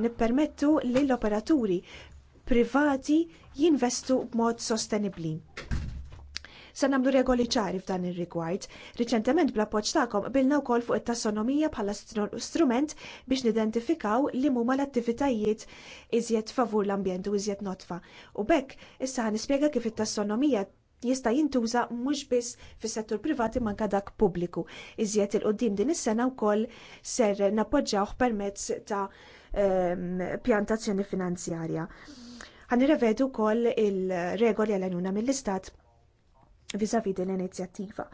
nippermettu li l-operaturi privati jinvestu b'mod sostenibli. Se nagħmlu regoli ċari f'dan ir-rigward. Riċentement bl-appoġġ tagħkom bilna wkoll fuq it-tassonomija bħala strument biex nidentifikaw li huma l-attivitajiet iżjed favur l-ambjent u iżjed notfa. U bekk issa nispjega kif it-tassonomija jista' jintuża mhux biss fis-settur privati manka dak pubbliku. Iżjed il quddiem din is-sena wkoll ser nappoġġjawh permezz ta' Ehm, pjantazzjoni finanzjarja. irrevedu kol il-regoli għal-għanjuna mill-istat vis-a-vis din l-inizjattiva.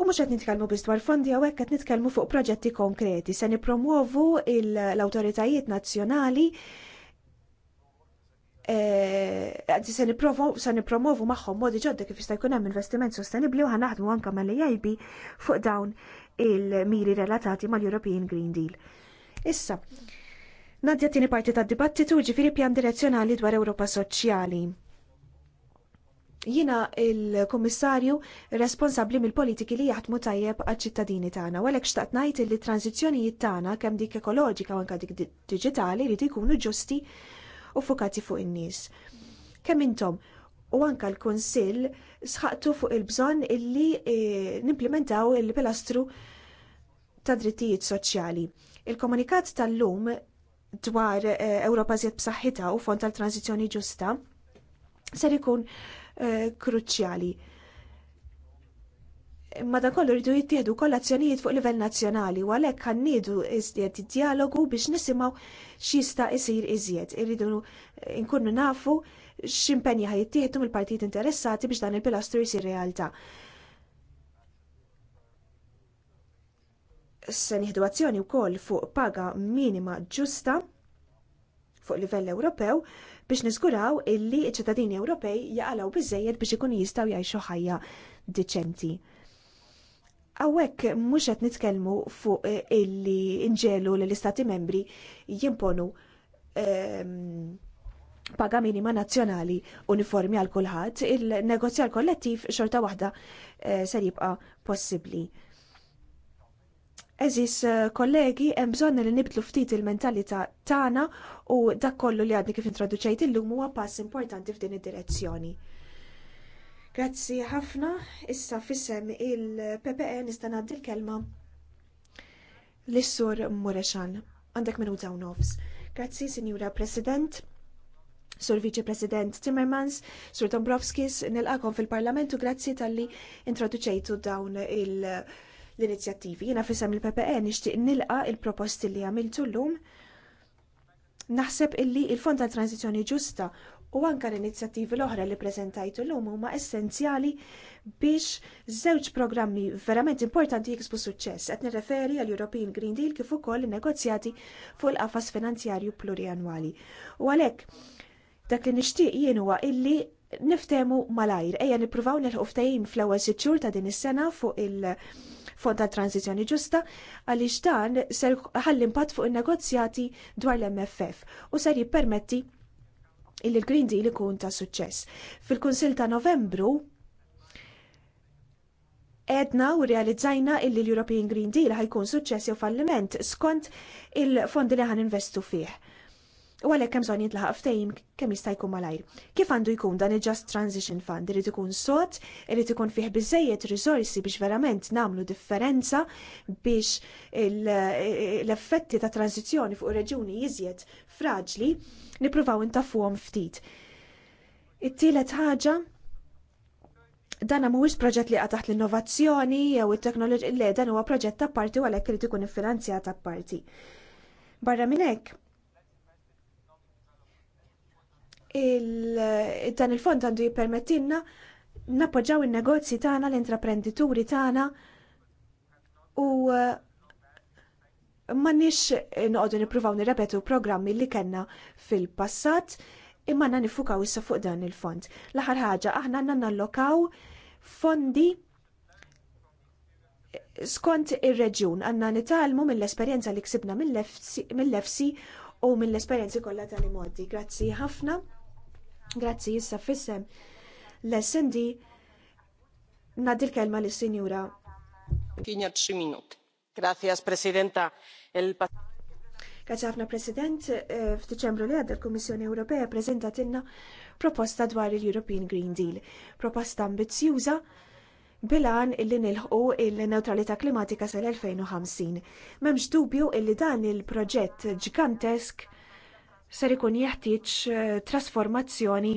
U mux għet nitkelmu biz dwar fondi għawek għet nitkelmu fuq proġetti konkreti. Se nipromuovu l-autoritajiet nazjonali għadzi eh, se nipromovu maħħom modi ġodda kif jista' jkun hemm investiment sostenibli u naħdmu anke mal-EIB fuq dawn il-miri relatati mal-European Green Deal. Issa, Nadja tieni parti tad dibattitu ġifiri pjan direzzjonali dwar Ewropa Soċjali. Jina il-Kummissarju responsabli mill-politiki li jaħdmu tajjeb għal-ċittadini tagħna, u għalhekk xtaqt ngħid li tranzizzjonijiet tagħna kemm dik ekoloġika u anke dik diġitali li jkunu ġusti u fukati fuq in-nies. Kemm intom u anke l-Kunsill sħaqtu fuq il-bżonn illi e, nimplementaw il-pilastru ta' drittijiet soċjali. Il-komunikat tal-lum dwar eh, Ewropa zjed b'saħħitha u fond tal-tranzizzjoni ġusta ser ikun eh, kruċjali. Madankollu rridu jittieħdu kollazzjonijiet fuq livell nazzjonali u għalhekk ħanniedu iżjed dialogu biex nisimgħu x'jista' isir iżjed. Irridu nkunu nafu x'impenja ħajjittieħdu mill-partijiet interessati biex dan il-pilastru jsir realtà. se nieħdu azzjoni wkoll fuq paga minima ġusta fuq livell Ewropew biex nizguraw illi ċ-ċittadini Ewropej jaqalaw bizzejed biex ikun jistgħu jgħixu ħajja diċenti. Hawnhekk mhux qed nitkellmu fuq eh, illi nġelu lill istati membri jimponu um, paga minima nazzjonali uniformi għal kulħadd, il-negozjar kollettiv xorta waħda uh, ser jibqa' possibbli. Eżis eh, kollegi, hemm bżonn li nibtlu ftit il-mentalità tagħna u dak kollu li għadni kif introduċejt illum huwa pass importanti f'din id-direzzjoni. Grazzi ħafna, issa fissem il ppe nista' ngħaddi l-kelma l-Sur Mureshan. Għandek minuta u nofs. Grazzi, Sinjura President. Sur Vice President Timmermans, Sur Dombrovskis, nilqakom fil-Parlamentu grazzi tal-li introduċejtu dawn il- l-inizjattivi. Jena fisem il-PPE nixtieq nilqa il-proposti li għamiltu llum. Naħseb illi il-Fond tal Transizzjoni Ġusta u anke l-inizjattivi l-oħra li l llum huma essenzjali biex żewġ programmi verament importanti jiksbu suċċess. Qed nirreferi għal European Green Deal kif ukoll negozjati fuq il-qafas finanzjarju plurianwali. U għalhekk dak li nixtieq jien huwa illi niftemu malajr, ejja nippruvaw nilħu ftehim fl-ewwel sitt xhur ta' din is-sena fuq il- ta tranzizjoni ġusta għaliex dan ser ħalli impatt fuq in-negozjati dwar l-MFF u ser jippermetti il l-Green Deal ikun ta' suċċess. Fil-Kunsil ta' Novembru edna u realizzajna illi l-European Green Deal ħajkun suċċess jew falliment skont il-fondi li ħan investu fih u għalhekk hemm bżonn jintlaħaq ftehim kemm jista' jkun malajr. Kif għandu jkun dan il-Just Transition Fund irid ikun sod, irid ikun fih biżejjed risorsi biex verament nagħmlu differenza biex l-effetti ta' tranzizzjoni fuq reġuni jiżjed fraġli nippruvaw intafuhom ftit. It-tielet ħaġa dan mhuwiex proġett li taħt l-innovazzjoni jew it-teknoloġi le dan huwa proġett ta' parti u għalhekk irid ikun iffinanzjat ta' parti. Barra minn dan il-fond għandu jippermettilna nappoġġaw il-negozji tagħna, l-intraprendituri tagħna u eh, m'għandniex noqogħdu nippruvaw nirrepetu programmi li kellna fil-passat imma għandna nifukaw issa fuq dan il-fond. L-aħħar ħaġa aħna għandna nallokaw fondi skont ir-reġjun għanna nitalmu mill-esperjenza li ksibna mill-lefsi u mill-esperjenzi kollha tal-modi. Grazzi ħafna. Grazzi issa fissem. L-SND nadi l-kelma lis sinjura Kinja 3 minut. Grazie, Presidenta. Għazafna President, eh, f'Diċembru li għadda l-Kommissjoni Ewropea inna proposta dwar il-European Green Deal. Proposta ambizjuża bilan illi nilħu il-neutralità klimatika sal-2050. Memx dubju illi dan il-proġett ġigantesk ser ikun jeħtieġ eh, trasformazzjoni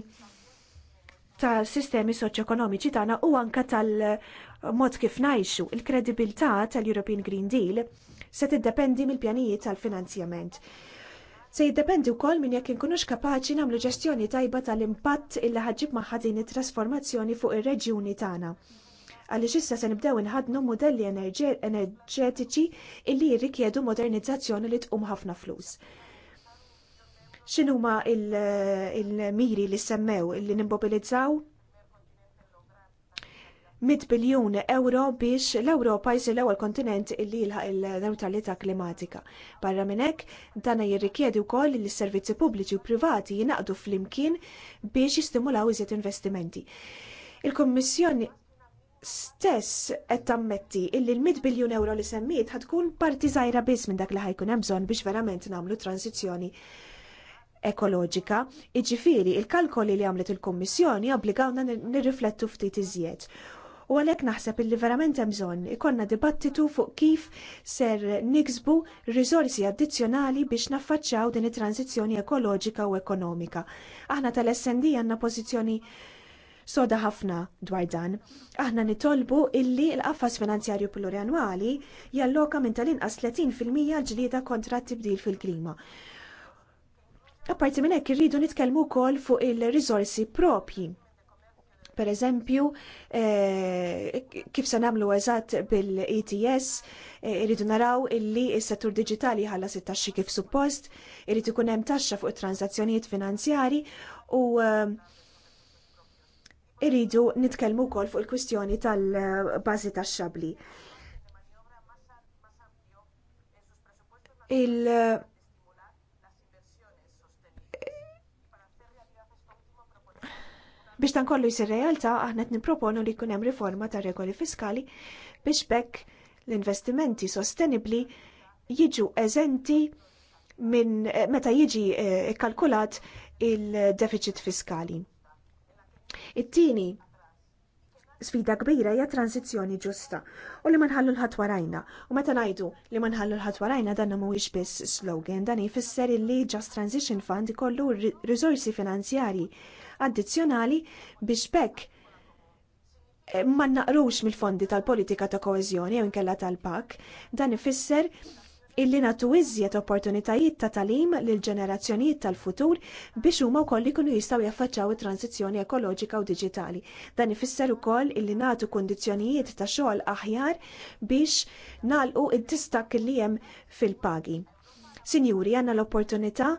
ta' sistemi soċjoekonomiċi tagħna u anke tal-mod kif ngħixu. Il-kredibilità tal-European Green Deal se tiddependi mill-pjanijiet tal-finanzjament. Se jiddependi wkoll minn jekk inkunux kapaċi nagħmlu ġestjoni tajba tal-impatt illi ħaġib magħha din it-trasformazzjoni fuq ir-reġjuni tagħna. Għaliex issa se nibdew inħadnu modelli enerġetiċi illi jirrikjedu modernizzazzjoni li tqum ħafna flus x'inhuma il-miri li semmew li nimmobilizzaw? 100 biljun euro biex l-Ewropa jsir l-ewwel kontinent illi jilħaq il neutralita klimatika. Barra minn hekk dana jirrikjedi wkoll li s-servizzi pubbliċi u privati jingħaqdu flimkien biex jistimulaw iżjed investimenti. Il-Kommissjoni stess qed tammetti illi l-100 biljun euro li semmiet ħatkun parti żgħira biss minn dak li ħajkun hemm bżonn biex verament nagħmlu transizzjoni ekoloġika, iġifiri il-kalkoli li għamlet il-Kommissjoni obbligawna nirriflettu ftit iżjed. U għalek naħseb illi verament hemm bżonn ikonna dibattitu fuq kif ser niksbu risorsi addizzjonali biex naffaċċaw din it-tranzizzjoni ekoloġika u ekonomika. Aħna tal-SND għandna pożizzjoni soda ħafna dwar dan. Aħna nitolbu illi l-qafas finanzjarju pluriannwali jalloka minn tal-inqas 30% l-ġlieda kontra t-tibdil fil-klima. Apparti minn hekk irridu nitkellmu wkoll fuq il-riżorsi propji. Per eżempju, eh, kif se nagħmlu eżatt bil-ETS, eh, irridu naraw illi s-settur diġitali ħalla taxxi kif suppost, irrid ikun hemm taxxa fuq it transazzjonijiet finanzjari u eh, irridu nitkellmu wkoll fuq il-kwistjoni tal-bażi tax-xabli. il Biex dan kollu jsir realtà aħna qed nipproponu li jkun hemm riforma ta' regoli fiskali biex bekk l-investimenti sostenibli jiġu eżenti minn eh, meta jiġi eh, kkalkulat il-deficit fiskali. It-tieni sfida kbira hija transizzjoni ġusta u li ma nħallu l-ħadd warajna. U meta ngħidu li ma nħallu l-ħadd warajna dan mhuwiex biss slogan, dan jfisser illi Just Transition Fund ikollu riżorsi finanzjarji addizzjonali biex bekk eh, ma naqrux mill-fondi tal-politika ta' koeżjoni jew inkella tal-pak, dan ifisser illi natu iżjed opportunitajiet ta' talim lil ġenerazzjonijiet tal-futur biex huma wkoll ikunu jistgħu jaffaċċaw it-transizzjoni ekoloġika u diġitali. Dan ifisser ukoll illi natu kundizzjonijiet ta' xogħol aħjar biex nagħlqu id-distak li hemm fil-pagi. Sinjuri, għandna l-opportunità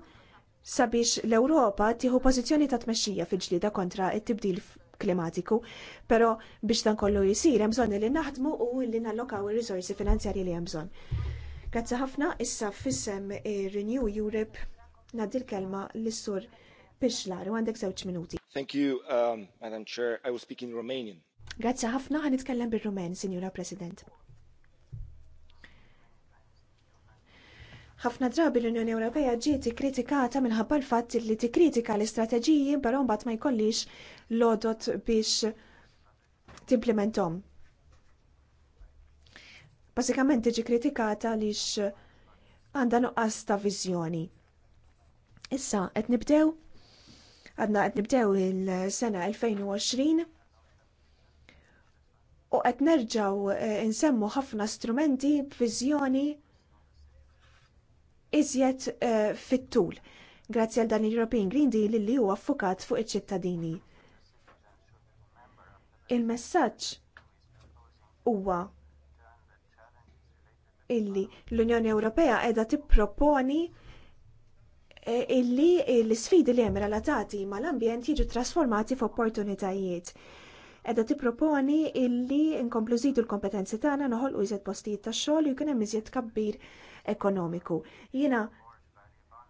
sabiex l-Ewropa tieħu pożizzjoni ta' tmexxija fil-ġlieda kontra t-tibdil klimatiku, però biex dan kollu jisir hemm bżonn li naħdmu u li nallokaw ir-riżorsi finanzjarji li hemm bżonn. Grazzi ħafna issa fissem Renew Europe ngħaddi l-kelma lis-sur Pixlar u għandek żewġ minuti. Thank you, um, Madam Chair. I will speak in Romanian. Grazzi ħafna ħanitkellem bil-Rumen, Sinjura President. ħafna drabi l-Unjoni Ewropea ġiet kritikata minħabba l-fatt li tikkritika l-istrateġiji però mbagħad ma jkollix l-odot biex timplementom. Basikament tiġi kritikata għaliex għandha nuqqas ta' viżjoni. Issa qed nibdew għadna qed nibdew il-sena 2020 u qed nerġgħu eh, insemmu ħafna strumenti b'viżjoni iżjed eh, fit-tul. Grazzi għal dan il-European Green Deal li huwa affukat fuq iċ-ċittadini. Il-messaġġ huwa illi l-Unjoni Ewropea qiegħda tipproponi eh, illi l isfidi li hemm relatati mal-ambjent jiġu trasformati f'opportunitajiet. Edha tipproponi illi nkomplu l-kompetenzi tagħna noħolqu iżjed postijiet tax-xogħol u jkun hemm iżjed kabbir ekonomiku. Jiena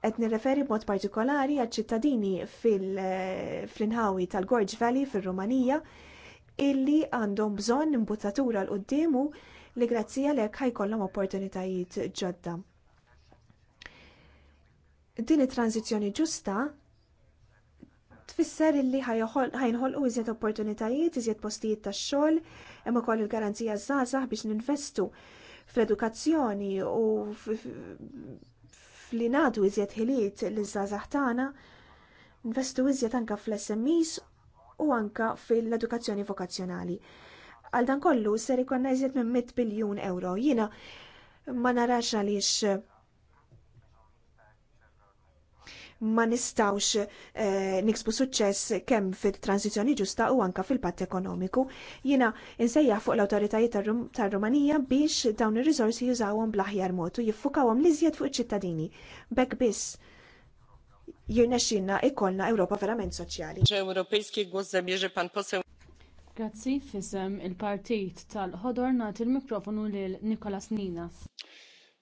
qed nirreferi b'mod partikolari għal ċittadini fil-inħawi tal-Gorge Valley fil-Rumanija illi għandhom bżonn imbuttatura l qoddimu li grazzi għalhekk ħajkollhom opportunitajiet ġodda. Din it-tranzizzjoni ġusta tfisser illi ħajnħolqu iżjed opportunitajiet, iżjed postijiet tax-xogħol, hemm ukoll il-garanzija żgħażagħ biex ninvestu fl-edukazzjoni u fl nagħtu iżjed ħiliet l-żgħażagħ tagħna, investu iżjed anke fl-SMEs u anke fil-edukazzjoni vokazzjonali. Għal dan kollu ser ikonna iżjed minn 100 biljun euro. Jiena ma narax għaliex ma nistawx eh, niksbu suċċess kemm fil-tranzizjoni ġusta u anka fil-patt ekonomiku. Jina insejjaħ fuq l-autoritajiet tar-Rumanija biex dawn ir-riżorsi jużawhom bl-aħjar mod u jiffukawhom liżjed fuq iċ-ċittadini. Bekk biss jirnexxinna ikollna Ewropa verament soċjali. pan Grazzi fisem il-partit tal-ħodor nagħti il-mikrofonu lil Nikolas Ninas.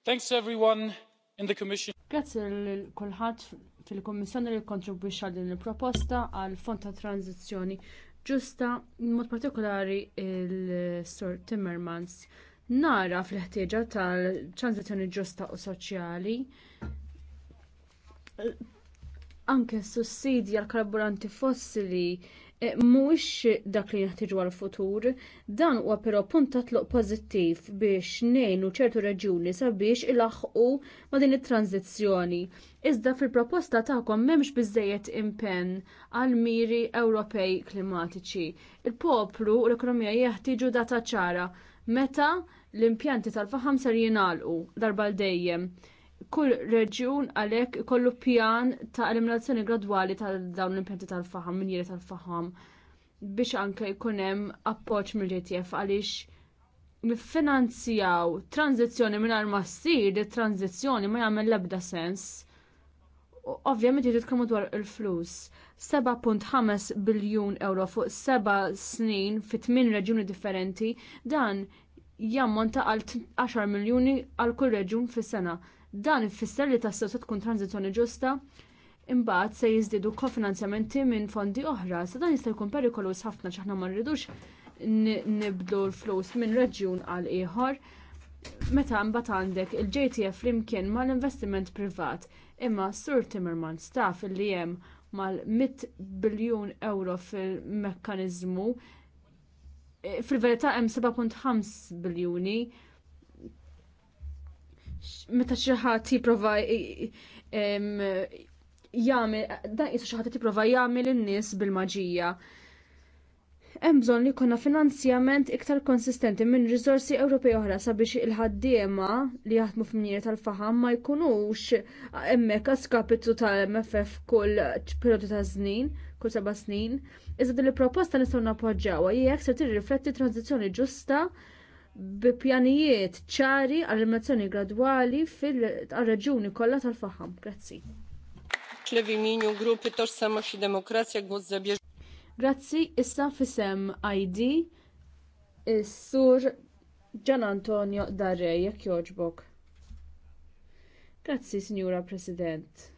Thanks everyone in the commission. Grazzi lil kulħadd fil-Kommissjoni li kontribwixxa din il-proposta għal fond ta' tranzizzjoni ġusta, mod partikolari il-Sur Timmermans. Nara fl-ħtieġa tal-tranzizzjoni ġusta u soċjali anke s sussidja għal karburanti fossili Eh, mhuwiex dak li jaħtiġu għal futur, dan huwa però punt ta' tloq pożittiv biex ngħinu ċertu reġjuni sabiex ilaħħqu ma' din it-tranzizzjoni. Iżda fil-proposta tagħkom m'hemmx biżejjed impenn għal miri Ewropej klimatiċi. Il-poplu u l-ekonomija jeħtieġu data ċara meta l-impjanti tal-faħam ser jingħalqu darba l dejjem Kull reġjun għalhekk ikollu pjan ta' eliminazzjoni gradwali ta' dawn l-impjanti tal-faħam, minjeri tal faham biex anke jkun hemm appoġġ mill-JTF għaliex tranzizjoni minn mingħajr ma ssir tranzizjoni ma jagħmel l-ebda sens. Ovvjament jiġu tkellmu dwar il-flus. 7.5 biljun euro fuq seba' snin fi tmien reġjuni differenti dan jammonta għal 10 miljuni għal kull reġjun fis-sena. Dan ifisser li tassew se tkun tranzizzjoni ġusta imbagħad se jiżdiedu kofinanzjamenti minn fondi oħra, sa dan jista' jkun perikolus ħafna x'aħna ma rridux nibdu l-flus minn reġjun għal ieħor. Meta mbagħad għandek il-JTF flimkien mal-investiment privat imma Sur Timmermans staff li hemm mal-100 biljun euro fil-mekkaniżmu e, fil-verità hemm 7.5 biljuni meta xi ħadd jipprova jagħmel dan qisu xi ħadd jipprova jagħmel in-nies bil-maġija. Hemm bżonn li jkollna finanzjament iktar konsistenti minn riżorsi Ewropej oħra sabiex il-ħaddiema li jaħdmu f'minieri tal-faħam ma jkunux hemmhekk skapitu tal-MFF kull perjodu ta' żnien, kull seba' snin. Iżda din il proposta nistgħu nappoġġawha jekk se tirrifletti tranzizzjoni ġusta bi pjanijiet ċari għal eliminazzjoni gradwali fil-reġuni kollha tal-faħam. Grazzi. Klevi minju gruppi torsema xi demokrazja gwozza Grazzi, issa fisem ID is-sur Gian Antonio Darrej, jekk joġbok. Grazzi, Signora President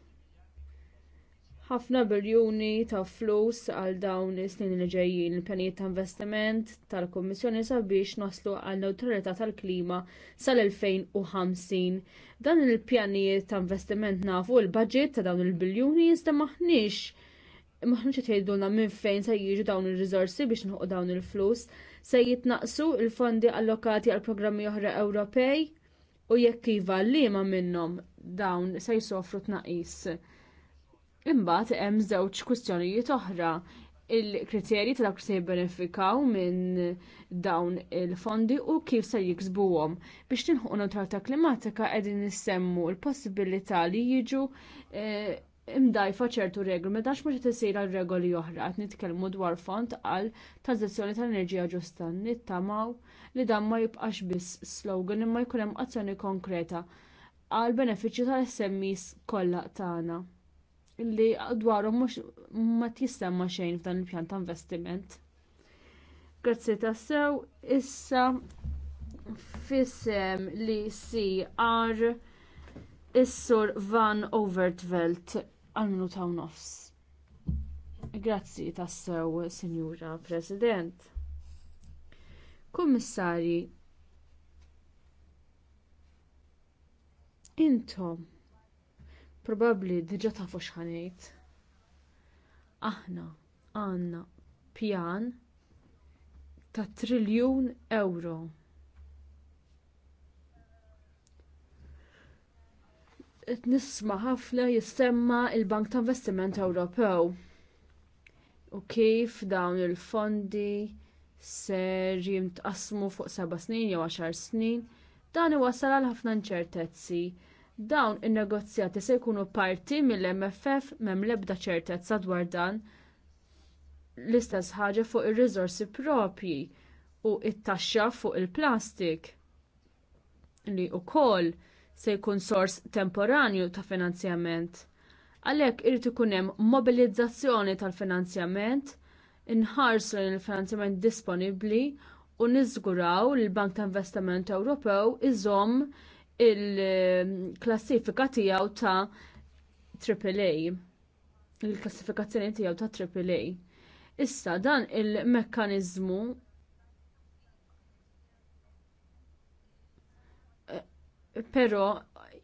ħafna biljuni ta' flus għal dawn is-snin li ġejjin il-pjanijiet ta' investiment tal-Kummissjoni sabiex naslu għal neutralità tal-klima sal-2050. Dan il-pjanijiet ta' investiment nafu l-budget ta' dawn il-biljuni jista' maħniex qed jgħidulna minn fejn se jiġu dawn il riżorsi biex nħuq dawn il-flus, se jitnaqsu il-fondi allokati għal programmi oħra Ewropej u jekk iva li ma minnhom dawn se jsofru tnaqis Imbagħad hemm żewġ kwistjonijiet oħra il-kriterji ta' dawk se jibbenefikaw minn dawn il-fondi u kif se jiksbuhom. Biex tinħuq neutralità klimatika qegħdin nissemmu l-possibilità li jiġu eh, imdajfa ċertu regoli, ma dax mux isir għal regoli oħra, qed nitkellmu dwar fond għal tranzizzjoni tal-enerġija ġusta, nittamaw li dan ma jibqax biss slogan imma jkun hemm azzjoni konkreta għal benefiċċju tal-SMEs kollha tagħna li dwarhom mux ma tissemma xejn f'dan il-pjan ta' investiment. Grazzi tassew, issa fissem li CR is-sur Van Overtvelt għal minuta u nofs. Grazzi tassew, Sinjura President. Kummissarji, intom Probabbli diġà fux x'ħanejt. Aħna għandna pjan ta' triljun euro. Qed nisma' ħafna jistemma l bank ta' Investiment Ewropew u kif dawn il-fondi ser jimtqasmu fuq seba' snin jew għaxar snin, dan iwassal għal ħafna inċertezzi Dawn in-negozjati se jkunu parti mill-MFF m'hemm l-ebda ċertezza dwar dan l-istess ħaġa fuq ir-riżorsi propji u t taxxa fuq il-plastik li wkoll se jkun sors temporanju ta' finanzjament. Għalhekk irid ikun hemm mobilizzazzjoni tal-finanzjament, inħarsu l-finanzjament disponibbli u niżguraw li l-Bank ta' Investiment Ewropew iżomm il-klassifika tiegħu ta' AAA. Il-klassifikazzjoni tiegħu ta' AAA. Issa dan il-mekkaniżmu eh, però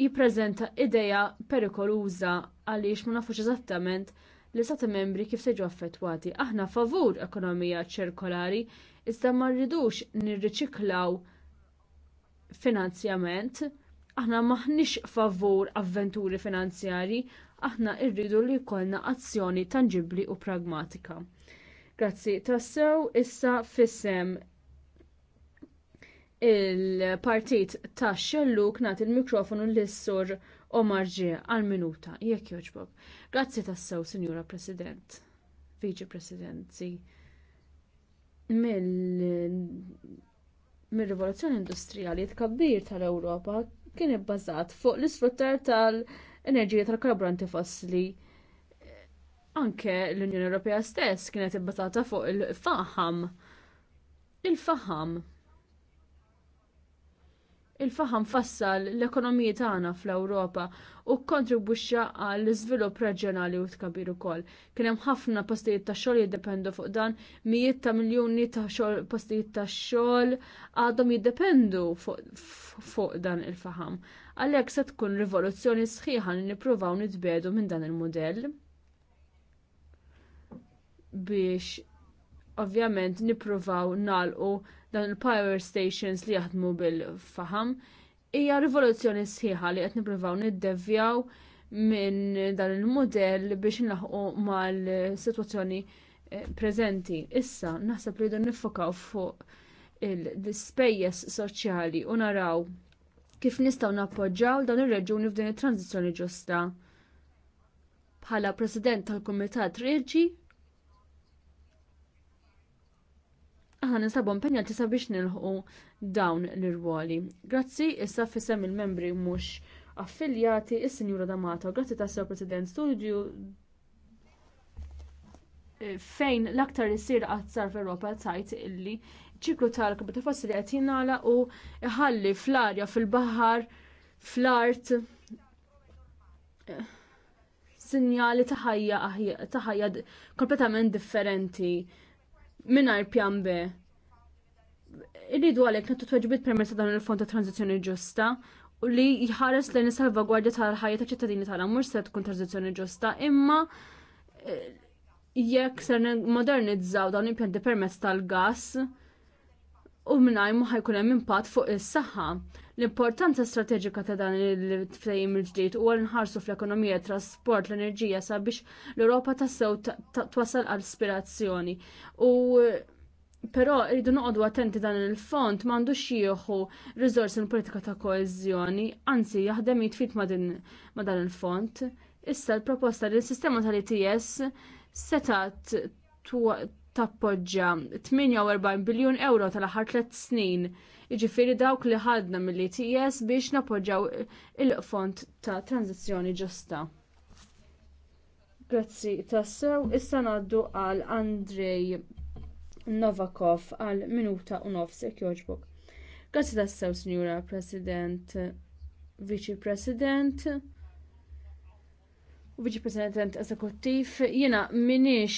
jippreżenta ideja perikoluża għaliex ma nafux eżattament li stati membri kif seġu affettwati. Aħna favur ekonomija ċirkolari, iżda ma rridux nirriċiklaw finanzjament Aħna maħniex favur avventuri finanzjari, aħna rridu li jkollna azzjoni tangibbli u pragmatika. Grazzi, tassew issa fissem il-partit ta' xelluk nat il-mikrofonu l issur Omar Ġie għal-minuta, jekk joġbok. Grazzi tassew, Sinjura President, Viċi Presidenti. mill-rivoluzzjoni industrijali tkabbir tal-Ewropa kien ibbażat fuq l-isfruttar tal-enerġija tal-karburanti fossili. Anke l-Unjoni Ewropea stess kienet ibbażata fuq il-faħam. Il-faħam Il-faħam fassal l-ekonomiji tagħna fl-Ewropa u kontribwixxa għall iżvilupp reġjonali u tkabir ukoll. Kien hemm ħafna postijiet ta' xogħol jiddependu fuq dan, mijiet ta' miljuni ta' xogħol postijiet ta' xogħol għadhom jiddependu fuq dan il-faħam. Għalhekk se tkun rivoluzzjoni sħiħa li nippruvaw nitbedu minn dan il-mudell biex ovvjament nippruvaw nagħlqu dan il-power stations li jaħdmu bil-faham hija rivoluzzjoni sħiħa li qed nippruvaw niddevjaw minn dan il-modell biex nlaħqu mal-sitwazzjoni eh, preżenti. Issa naħseb li jdu nifokaw fuq il-dispejjes soċjali u naraw kif nistgħu nappoġġjaw dan ir-reġuni f'din it-tranzizzjoni ġusta. Bħala President tal-Kumitat Reġi aħna nisabu impenjati sabiex nilħu dawn l-irwoli. Grazzi, issa fissem il-membri mhux affiljati, is-Sinjura Damato. Grazzi ta' Sir President Studio eh, fejn l-aktar jisir għazzar f'Europa tajt illi ċiklu tal ta' fossi qed jingħala u ħalli fl-arja fil-baħar fl-art eh, sinjali ta' ħajja kompletament differenti minar pjan B. Irridu għalek nattu tweġbit permessa dan il-fond ta' tranzizjoni ġusta u li jħares li nisalvagwardja tal-ħajja ta' ċittadini tal mhux se tkun tranzizjoni ġusta, imma eh, jekk se modernizzaw dawn il-pjanti permezz tal-gas u minnaj mu ħajkun hemm impatt fuq is-saħħa. L-importanza strateġika ta' dan il-ftehim il-ġdid huwa nħarsu fl-ekonomija, trasport, l-enerġija sabiex l-Ewropa tassew twasal għal aspirazzjoni. U però rridu noqogħdu attenti dan il-fond m'għandux jieħu riżorsi l-politika ta' koeżjoni, anzi jaħdem jitfit ma' dan il-fond. Issa l-proposta li s-sistema tal-ITS setat tappoġġja 48 biljun euro tal-aħħar tliet snin. Jiġifieri dawk li ħadna mill-ITS biex napoġġaw il-fond ta' tranzizzjoni ġusta. Grazzi tassew, issa ngħaddu għal Andrej Novakov għal minuta u nofsek jogħġbok. Grazzi tassew, Signora President, Viċi President u viċi president eżekuttiv, jiena minix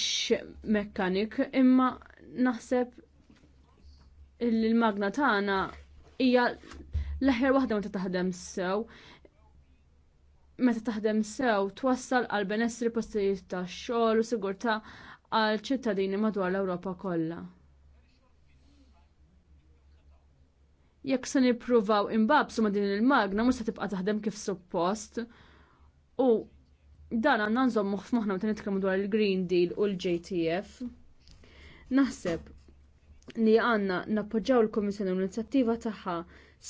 mekkanik, imma naħseb il-magna tagħna hija l-aħjar waħda meta taħdem sew. Meta taħdem sew twassal għal benessri postijiet ta' xogħol u sigurtà għal ċittadini madwar l-Ewropa kollha. Jekk se nippruvaw imbabsu ma' din il-magna mhux se tibqa' taħdem kif suppost u dan għandna nżommu f'moħħna meta nitkellmu dwar il-Green Deal u l-JTF. Naħseb li għanna nappoġġaw il-Kummissjoni u l-inizjattiva tagħha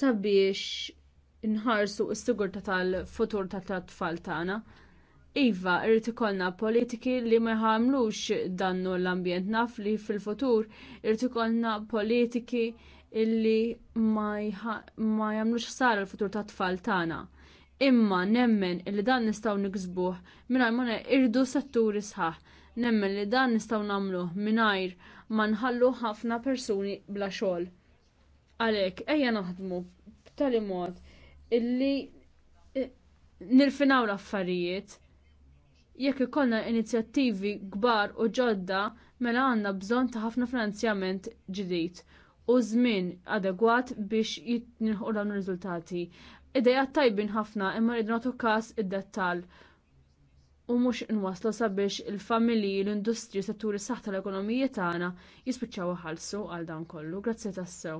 sabiex nħarsu s-sigurta tal-futur tat-tfal tagħna. Iva, irrit ikollna politiki li ma jħamlux dannu l-ambjent naf li fil-futur irrit ikollna politiki illi ma jħamlux sar l-futur tat tfal tagħna imma nemmen li dan nistgħu niksbuh mingħajr ma irdu setturi sħaħ. Nemmen li dan nistgħu nagħmluh mingħajr ma nħallu ħafna persuni bla xogħol. Għalhekk ejja naħdmu b'tali mod illi e, nirfinaw l-affarijiet jekk ikollna inizjattivi kbar u ġodda mela għandna bżonn ta' ħafna finanzjament ġdid u żmien adegwat biex jitnieħu dawn ir-riżultati ideja tajbin ħafna imma rridu nagħtu każ id-dettall u mhux nwaslu sabiex il-familji l-industri u setturi saħta l-ekonomija tagħna jispiċċaw ħalsu għal dan kollu. Grazzi tassew.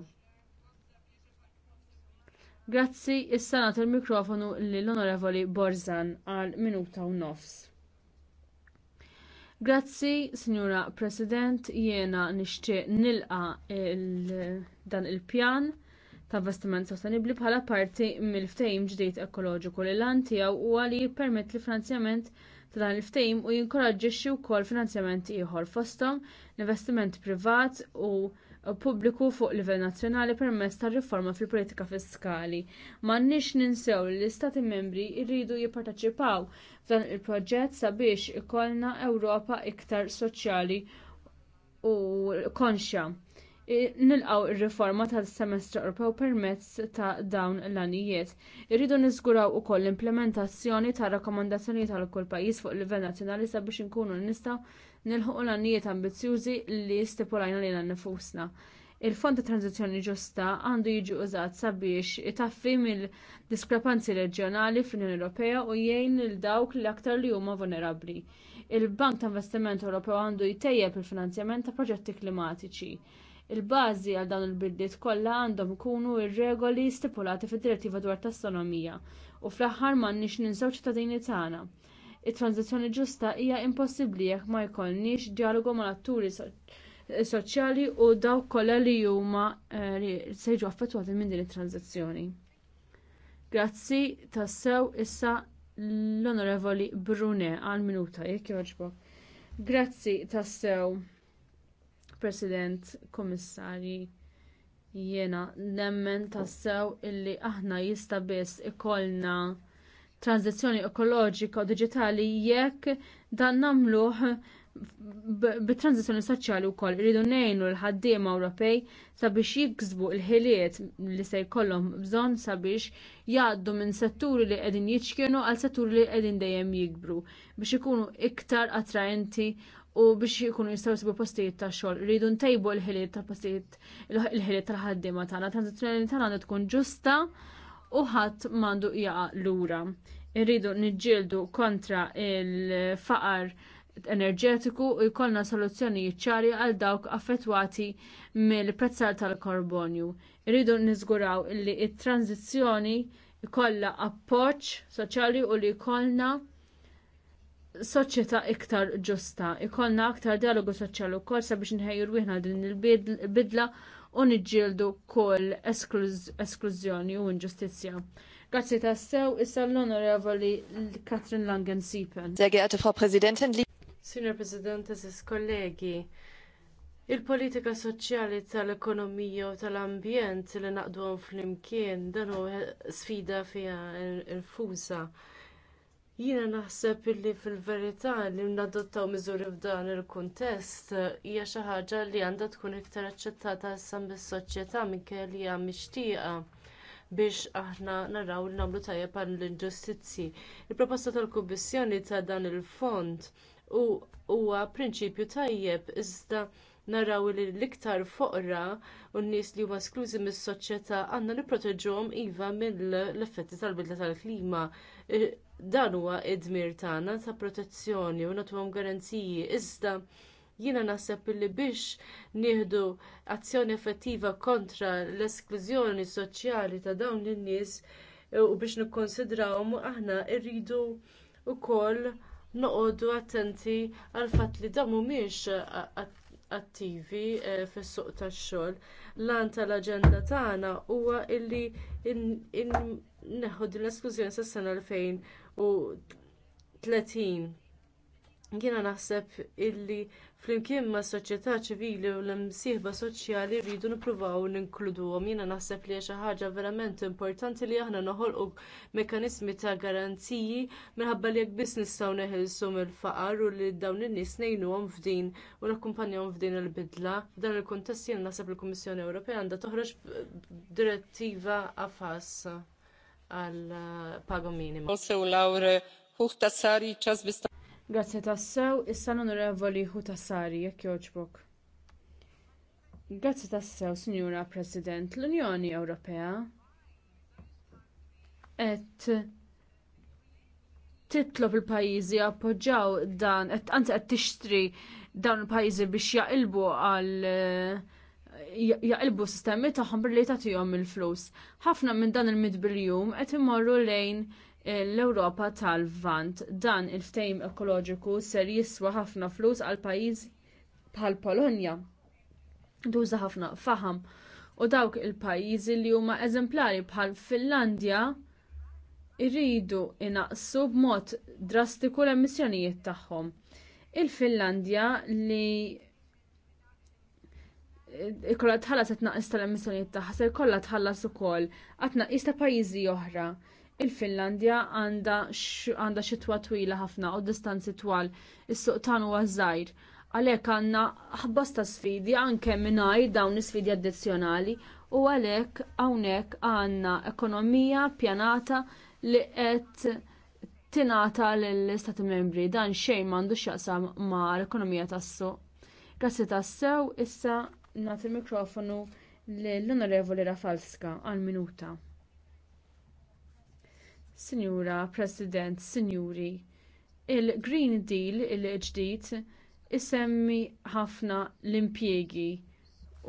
Grazzi, issa nagħti il-mikrofonu lill-Onorevoli Borzan għal minuta u nofs. Grazzi, Signora President, jiena nixtieq nilqa dan il-pjan ta' vestiment sostenibli bħala parti mill-ftehim ġdid ekoloġiku li lan tiegħu huwa li jippermetti finanzjament ta' dan il-ftehim u jinkoraġġixxi wkoll finanzjament ieħor fosthom investiment privat u pubbliku fuq livell nazzjonali permezz ta' riforma fil-politika fiskali. M'għandniex ninsew li l-Istati membri jridu jipparteċipaw f'dan il-proġett sabiex ikollna Ewropa iktar soċjali u konxja nilqaw ir-riforma tal-semestru Ewropew permezz ta' dawn l-anijiet. Irridu niżguraw ukoll l-implementazzjoni ta' rakkomandazzjoni tal kull pajjiż fuq livell nazzjonali sabiex inkunu nistgħu nilħuq l-anijiet ambizzjużi li stipulajna lilna nifusna. Il-fond ta' tranzizzjoni ġusta għandu jiġi użat sabiex itaffi mill-diskrepanzi reġjonali fl-Unjoni Ewropea u jgħin lil dawk li aktar li huma vulnerabbli. Il-Bank ta' Investiment Ewropew għandu jtejjeb il-finanzjament ta' proġetti klimatiċi Il-bażi għal dawn il-bidliet kollha għandhom ikunu ir-regoli stipulati fid-direttiva dwar tastronomija u fl-aħħar m'għandniex ninsew ċittadini tagħna. It-tranzizzjoni ġusta hija impossibbli jekk ma jkollniex dialogu mal-atturi soċjali u dawk kollha li huma eh, se jiġu affettwati minn din it-tranzizzjoni. Grazzi tassew issa l-Onorevoli Brune għal minuta jekk jogħġbok. Grazzi tassew. President, Komissari, jiena nemmen tassew illi aħna jista' biss ikollna transizzjoni ekoloġika u diġitali jekk dan nagħmluh bit-tranzizzjoni soċjali wkoll iridu ngħinu l-ħaddiema Ewropej sabiex jiksbu l-ħiliet li se jkollhom bżonn sabiex jgħaddu minn setturi li qegħdin jiċkienu għal setturi li qegħdin dejjem jikbru biex ikunu iktar attraenti u biex jkunu jistaw jsibu postijiet ta' xogħol. Rridu ntejbu l-ħiliet ta' postijiet il-ħiliet tal ta' tagħna, tranzizzjoni tagħna għandha tkun ġusta u ħadd m'għandu jaqa' lura. Irridu niġġieldu kontra il-faqar enerġetiku u jkollna soluzzjonijiet ċari għal dawk affettwati mill-prezzar tal-karbonju. Irridu niżguraw li t tranzizjoni jkollha appoġġ soċjali u li jkollna soċjetà iktar ġusta, ikollna aktar dialogu soċjali wkoll sabiex nħejju rwieħna din il-bidla u niġġieldu kull esklużjoni u inġustizzja. Grazzi tassew, issa l-onorevoli Katrin Langen-Siepen. Sehr Frau Presidentin li. Signor Presidente, sis kollegi, il-politika soċjali tal-ekonomija u tal-ambjent li naqdu fl-imkien dan sfida fiha infusa. Il Jiena naħseb illi fil-verità li nadottaw miżuri f'dan il-kuntest hija xi ħaġa li għandha tkun iktar aċċettata issa bis-soċjetà minkejja li hija mixtieqa biex aħna naraw li nagħmlu tajjeb għal l-inġustizzji. Il-proposta tal-Kummissjoni ta' dan il-fond huwa prinċipju tajjeb iżda naraw li l-iktar foqra u n-nies li huma esklużi mis-soċjetà għandna nipproteġuhom iva mill-effetti tal-bidla tal-klima dan huwa id-dmir tagħna ta' protezzjoni u nagħtuhom garanziji iżda jiena naħseb li biex nieħdu azzjoni effettiva kontra l-esklużjoni soċjali ta' dawn in-nies e, u biex nikkonsidrawhom aħna rridu wkoll noqogħdu attenti għal fatt li dawn mhumiex attivi e, fis-suq tax-xogħol. Lan tal-aġenda tagħna huwa illi neħu l-esklużjoni sas-sena 2000 u 30. Jiena naħseb illi flimkien mas soċjetà ċivili u l-imsieħba soċjali rridu nippruvaw ninkluduhom. Jiena naħseb li xi ħaġa verament importanti li aħna noħolqu mekkaniżmi ta' garanziji minħabba li jekk biss nistgħu neħilsu mill-faqar u li dawn in-nies ngħinuhom f'din u nakkumpanjahom f'din il-bidla. F'dan il-kuntest jiena naħseb il-Kummissjoni Ewropea għandha toħroġ direttiva għafas għal eh, pago minimo. Also Laure Huhtasari ċas bista. Grazie tassew, issa l-onorevoli Huhtasari, jekk joġbok. Grazie tassew, Signora President, l-Unjoni Ewropea et titlob il-pajjiżi appoġġaw dan, anzi qed tixtri dawn il-pajjiżi biex jaqilbu għal uh, jaqilbu sistemi tagħhom billi tagħtihom il-flus. Ħafna minn dan il-midbiljum qed imorru lejn l-Ewropa tal-Vant. Dan il-ftejm ekoloġiku ser jiswa ħafna flus għal pajjiż bħal Polonja. Duża ħafna faham. U dawk il-pajjiżi li huma eżemplari bħal Finlandja irridu inaqsu b'mod drastiku l-emissjonijiet tagħhom. Il-Finlandja li ikolla tħallas għetna istal tal-emissjonijiet tagħha se jkollha tħallas ukoll qatt naqis pajjiżi oħra. Il-Finlandja għandha xitwa twila ħafna u distanzi twal is-suq tagħna huwa żgħir. Għalhekk għandna ħbosta sfidi anke mingħajr dawn is-sfidi addizzjonali u għalhekk hawnhekk għandna ekonomija pjanata li qed tingħata lill-Istati Membri dan xejn m'għandux x'jaqsam mal ekonomija tas-suq. Grazzi tassew issa Nat il-mikrofonu lill-Onorevoli Rafalska għal minuta. Signora President, Sinjuri, il-Green Deal il-ġdid isemmi ħafna l-impjiegi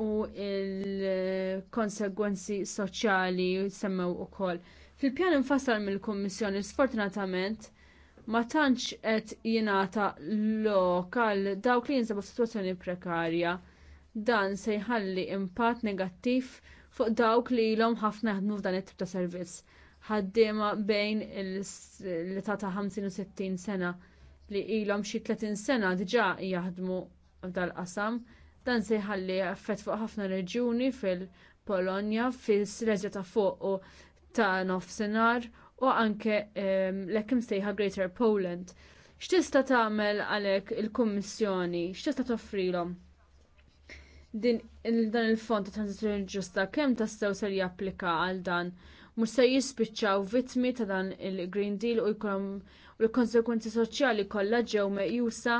u l-konsegwenzi soċjali semmew ukoll. Fil-pjan infassal mill-Kummissjoni sfortunatament ma tantx qed jingħata għal dawk li jinsabu f'sitwazzjoni prekarja dan se jħalli impatt negattiv fuq dawk li ilhom ħafna jaħdmu f'dan it-tip ta' servizz. Ħaddiema bejn l-età ta' 50 u 60 sena li ilhom xi 30 sena diġà jaħdmu f'dal-qasam, dan se jħalli effett fuq ħafna reġjuni fil-Polonja, fil-Silesja ta' fuq u ta' nofsinhar u anke ehm, l-ekim sejħa Greater Poland. X'tista' tagħmel għalhekk il-Kummissjoni? X'tista' toffrilhom? din dan il-fond ta' transizjoni ġusta kemm tassew ser japplika għal dan mhux se jispiċċaw vittmi ta' dan il-Green Deal u jkollhom u l-konsekwenzi soċjali kollha ġew meqjusa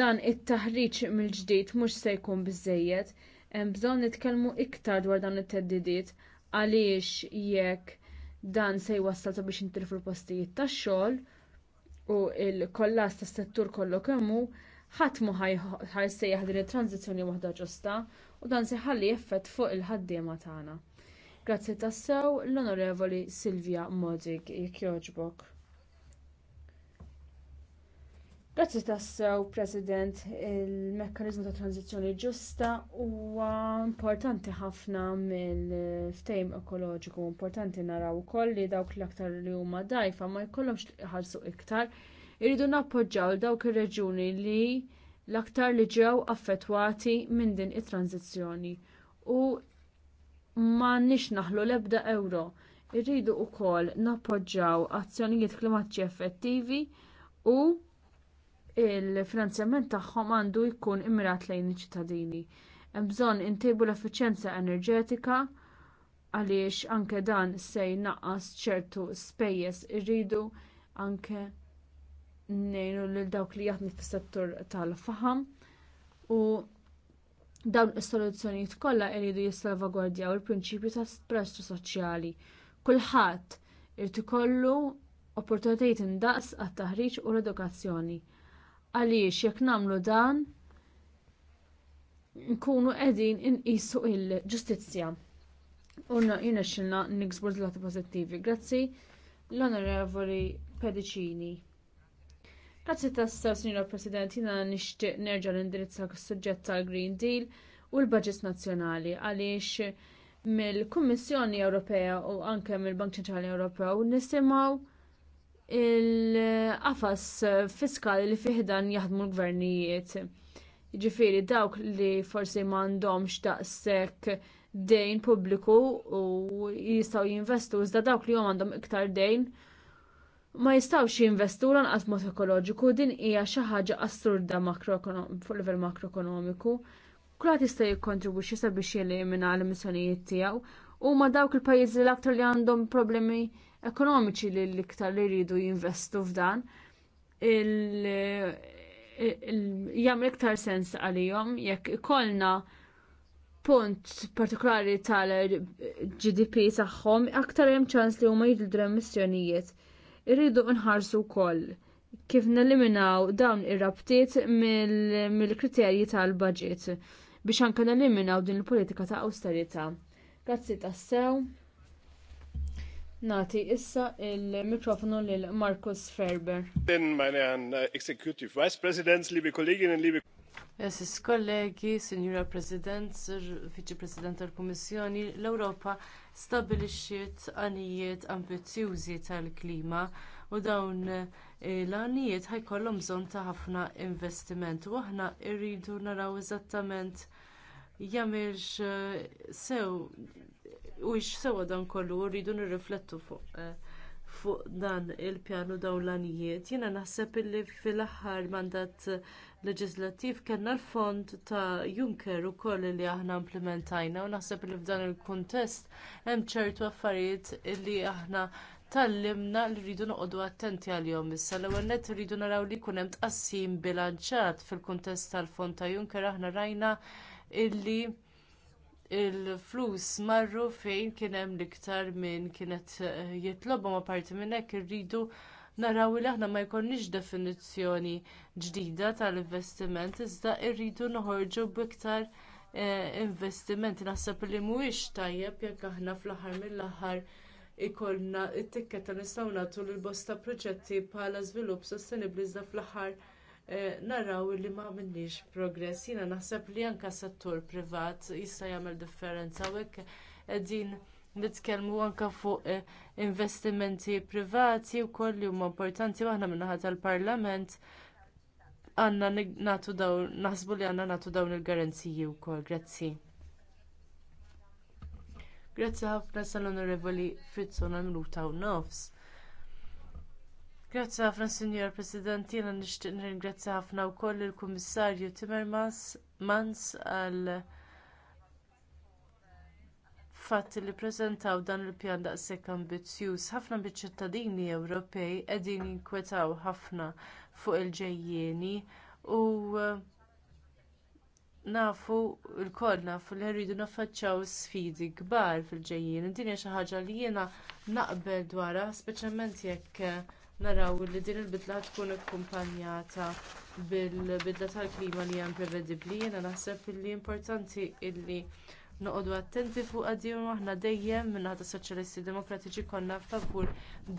dan it-taħriġ mill-ġdid mhux se jkun biżżejjed hemm bżonn nitkellmu iktar dwar dan it-teddidiet għaliex jekk dan se jwassal sabiex intilfu l-postijiet tax-xogħol u l-kollaż tas-settur kollu kemm hu ħadd ħaj ħajsejjaħ din it-tranzizzjoni waħda ġusta u dan se ħalli effett fuq il-ħaddiema tagħna. Grazzi tassew l-Onorevoli Silvia Modig jekk jogħġbok. Grazzi tassew, President, il-mekkanizmu ta' tranzizjoni ġusta huwa importanti ħafna mill-ftejm ekoloġiku, importanti naraw ukoll li dawk l-aktar li huma dajfa ma jkollhomx ħarsu iktar Irridu nappoġġaw dawk ir-reġuni li l-aktar li ġew affettwati minn din it-tranzizzjoni u ma nix naħlu l-ebda euro. Irridu wkoll nappoġġaw azzjonijiet klimatiċi effettivi u il-finanzjament tagħhom għandu jkun immirat lejn iċ-ċittadini. Hemm bżonn intejbu l-effiċjenza enerġetika għaliex anke dan se jnaqqas ċertu spejjeż irridu anke nejnu lil dawk li jaħdmu fis-settur tal-faham u dawn is-soluzzjonijiet kollha jridu jissalvagwardjaw il-prinċipju ta' prestru soċjali. Kulħadd irid ikollu opportunitajiet indaqs għat-taħriġ u l-edukazzjoni. Għaliex jekk nagħmlu dan nkunu qegħdin inqisu il-ġustizzja. U jina xilna niksbur l pożittivi. Grazzi l-onorevoli Pedicini. Grazzi tassaw, Sinjora President, jina nishtiq nerġa l-indirizza suġġett tal-Green Deal u l-Budget Nazzjonali għaliex mill-Kummissjoni Ewropea u anke mill-Bank Ċentrali Ewropew nisimgħu il-qafas fiskali li fiħdan jaħdmu l-gvernijiet. Ġifiri dawk li forsi m'għandhomx daqshekk dejn pubbliku u jistgħu jinvestu iżda dawk li għom għandhom iktar dejn ma jistawx jinvestu lanqas mod ekoloġiku din hija xi ħaġa assurda fuq livell makroekonomiku. Kulħadd jista' jikkontribwixxi sabiex jelimina l-emissjonijiet tiegħu u ma dawk il-pajjiżi l-aktar li għandhom problemi ekonomiċi li l-iktar li jridu jinvestu f'dan jagħmel iktar sens għalihom jekk ikollna punt partikolari tal-GDP tagħhom aktar hemm ċans li huma jidlu emissjonijiet Irridu nħarsu wkoll kif neliminaw dawn ir-rabtiet mill-kriterji tal-budget biex anke neliminaw din il-politika ta' austerità. Grazzi tassew. Nati issa il-mikrofonu lil Markus Ferber. Den meine Herren uh, Executive Vice Presidents, liebe Kolleginnen, liebe Esis kollegi, Signora President, Viċi President tal-Kummissjoni, l-Ewropa stabilixxiet għanijiet ambizjużi tal-klima u dawn eh, l-għanijiet ħajkollhom bżonn ta' ħafna investiment u aħna rridu naraw eżattament jagħmilx eh, sew u ix sewa dan kollu rridu nirriflettu fuq eh, fuq dan il-pjanu dawlanijiet. Jiena naħseb illi fil-aħħar mandat leġislattiv kellna l-fond ta' Juncker ukoll li aħna implementajna u naħseb li f'dan il-kuntest hemm ċertu affarijiet li aħna tallimna li rridu noqogħdu attenti għalihom issa. L-ewwel nett irridu naraw li jkun hemm tqassim bilanċat fil-kuntest tal-fond ta' Juncker aħna rajna illi il-flus marru fejn kien hemm l-iktar minn kienet eh, jitlobu ma parti minn hekk irridu naraw li aħna ma jkollniex definizzjoni ġdida tal-investiment iżda rridu noħorġu b'iktar eh, investimenti naħseb li mhuwiex tajjeb jekk aħna fl-aħħar mill-aħħar ikollna t tikketta nistgħu nagħtu lill bosta proġetti bħala żvilupp sostenibbli iżda fl-aħħar Eh, naraw li ma minniex progress. Jiena naħseb li anke s settur privat jista' jagħmel differenza u hekk qegħdin nitkellmu anke fuq eh, investimenti privati wkoll li huma importanti aħna min-naħa tal-Parlament għandna nagħtu dawn naħsbu li għandna nagħtu dawn il-garanziji wkoll. Grazzi. Grazzi ħafna sal-Onorevoli Frizzona Minuta u Nofs. Grazzi ħafna, Signor President, jiena nixtieq nirringrazzja ħafna wkoll il-Kummissarju Timmermans Mans għal fatt li ppreżentaw dan il-pjan daqshekk ambizzjuż. Ħafna biċ-ċittadini Ewropej qegħdin jinkwetaw ħafna fuq il-ġejjieni u nafu lkoll nafu li rridu naffaċċaw sfidi kbar fil-ġejjin. Din hija xi ħaġa li jiena naqbel dwarha, speċjalment jekk naraw li din il-bidla tkun ikkumpanjata bil-bidla tal-klima li hemm prevedibbli jiena naħseb li importanti illi noqogħdu attenti fuq għadiju aħna dejjem minnaħa tas soċjalisti demokratiċi konna favur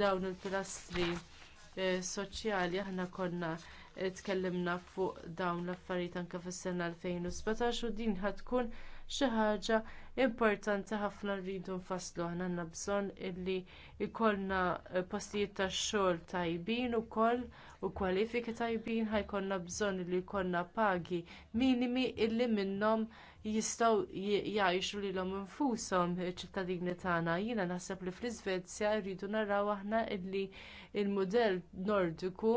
dawn il-pilastri eh, soċjali aħna konna eh, tkellimna fuq dawn l-affarijiet anke fis-sena 2017 u din ħadd tkun xi ħaġa importanti ħafna rridu nfasslu aħna għandna bżonn illi jkollna eh, postijiet tax xogħol tajbin ukoll u kwalifiki tajbin ħajkollna bżonn illi jkollna pagi minimi illi minnhom jistgħu jgħixu lilhom infushom iċ-ċittadini eh, tagħna. Jiena naħseb li fl-Iżvezja rridu naraw aħna illi l il mudell nordiku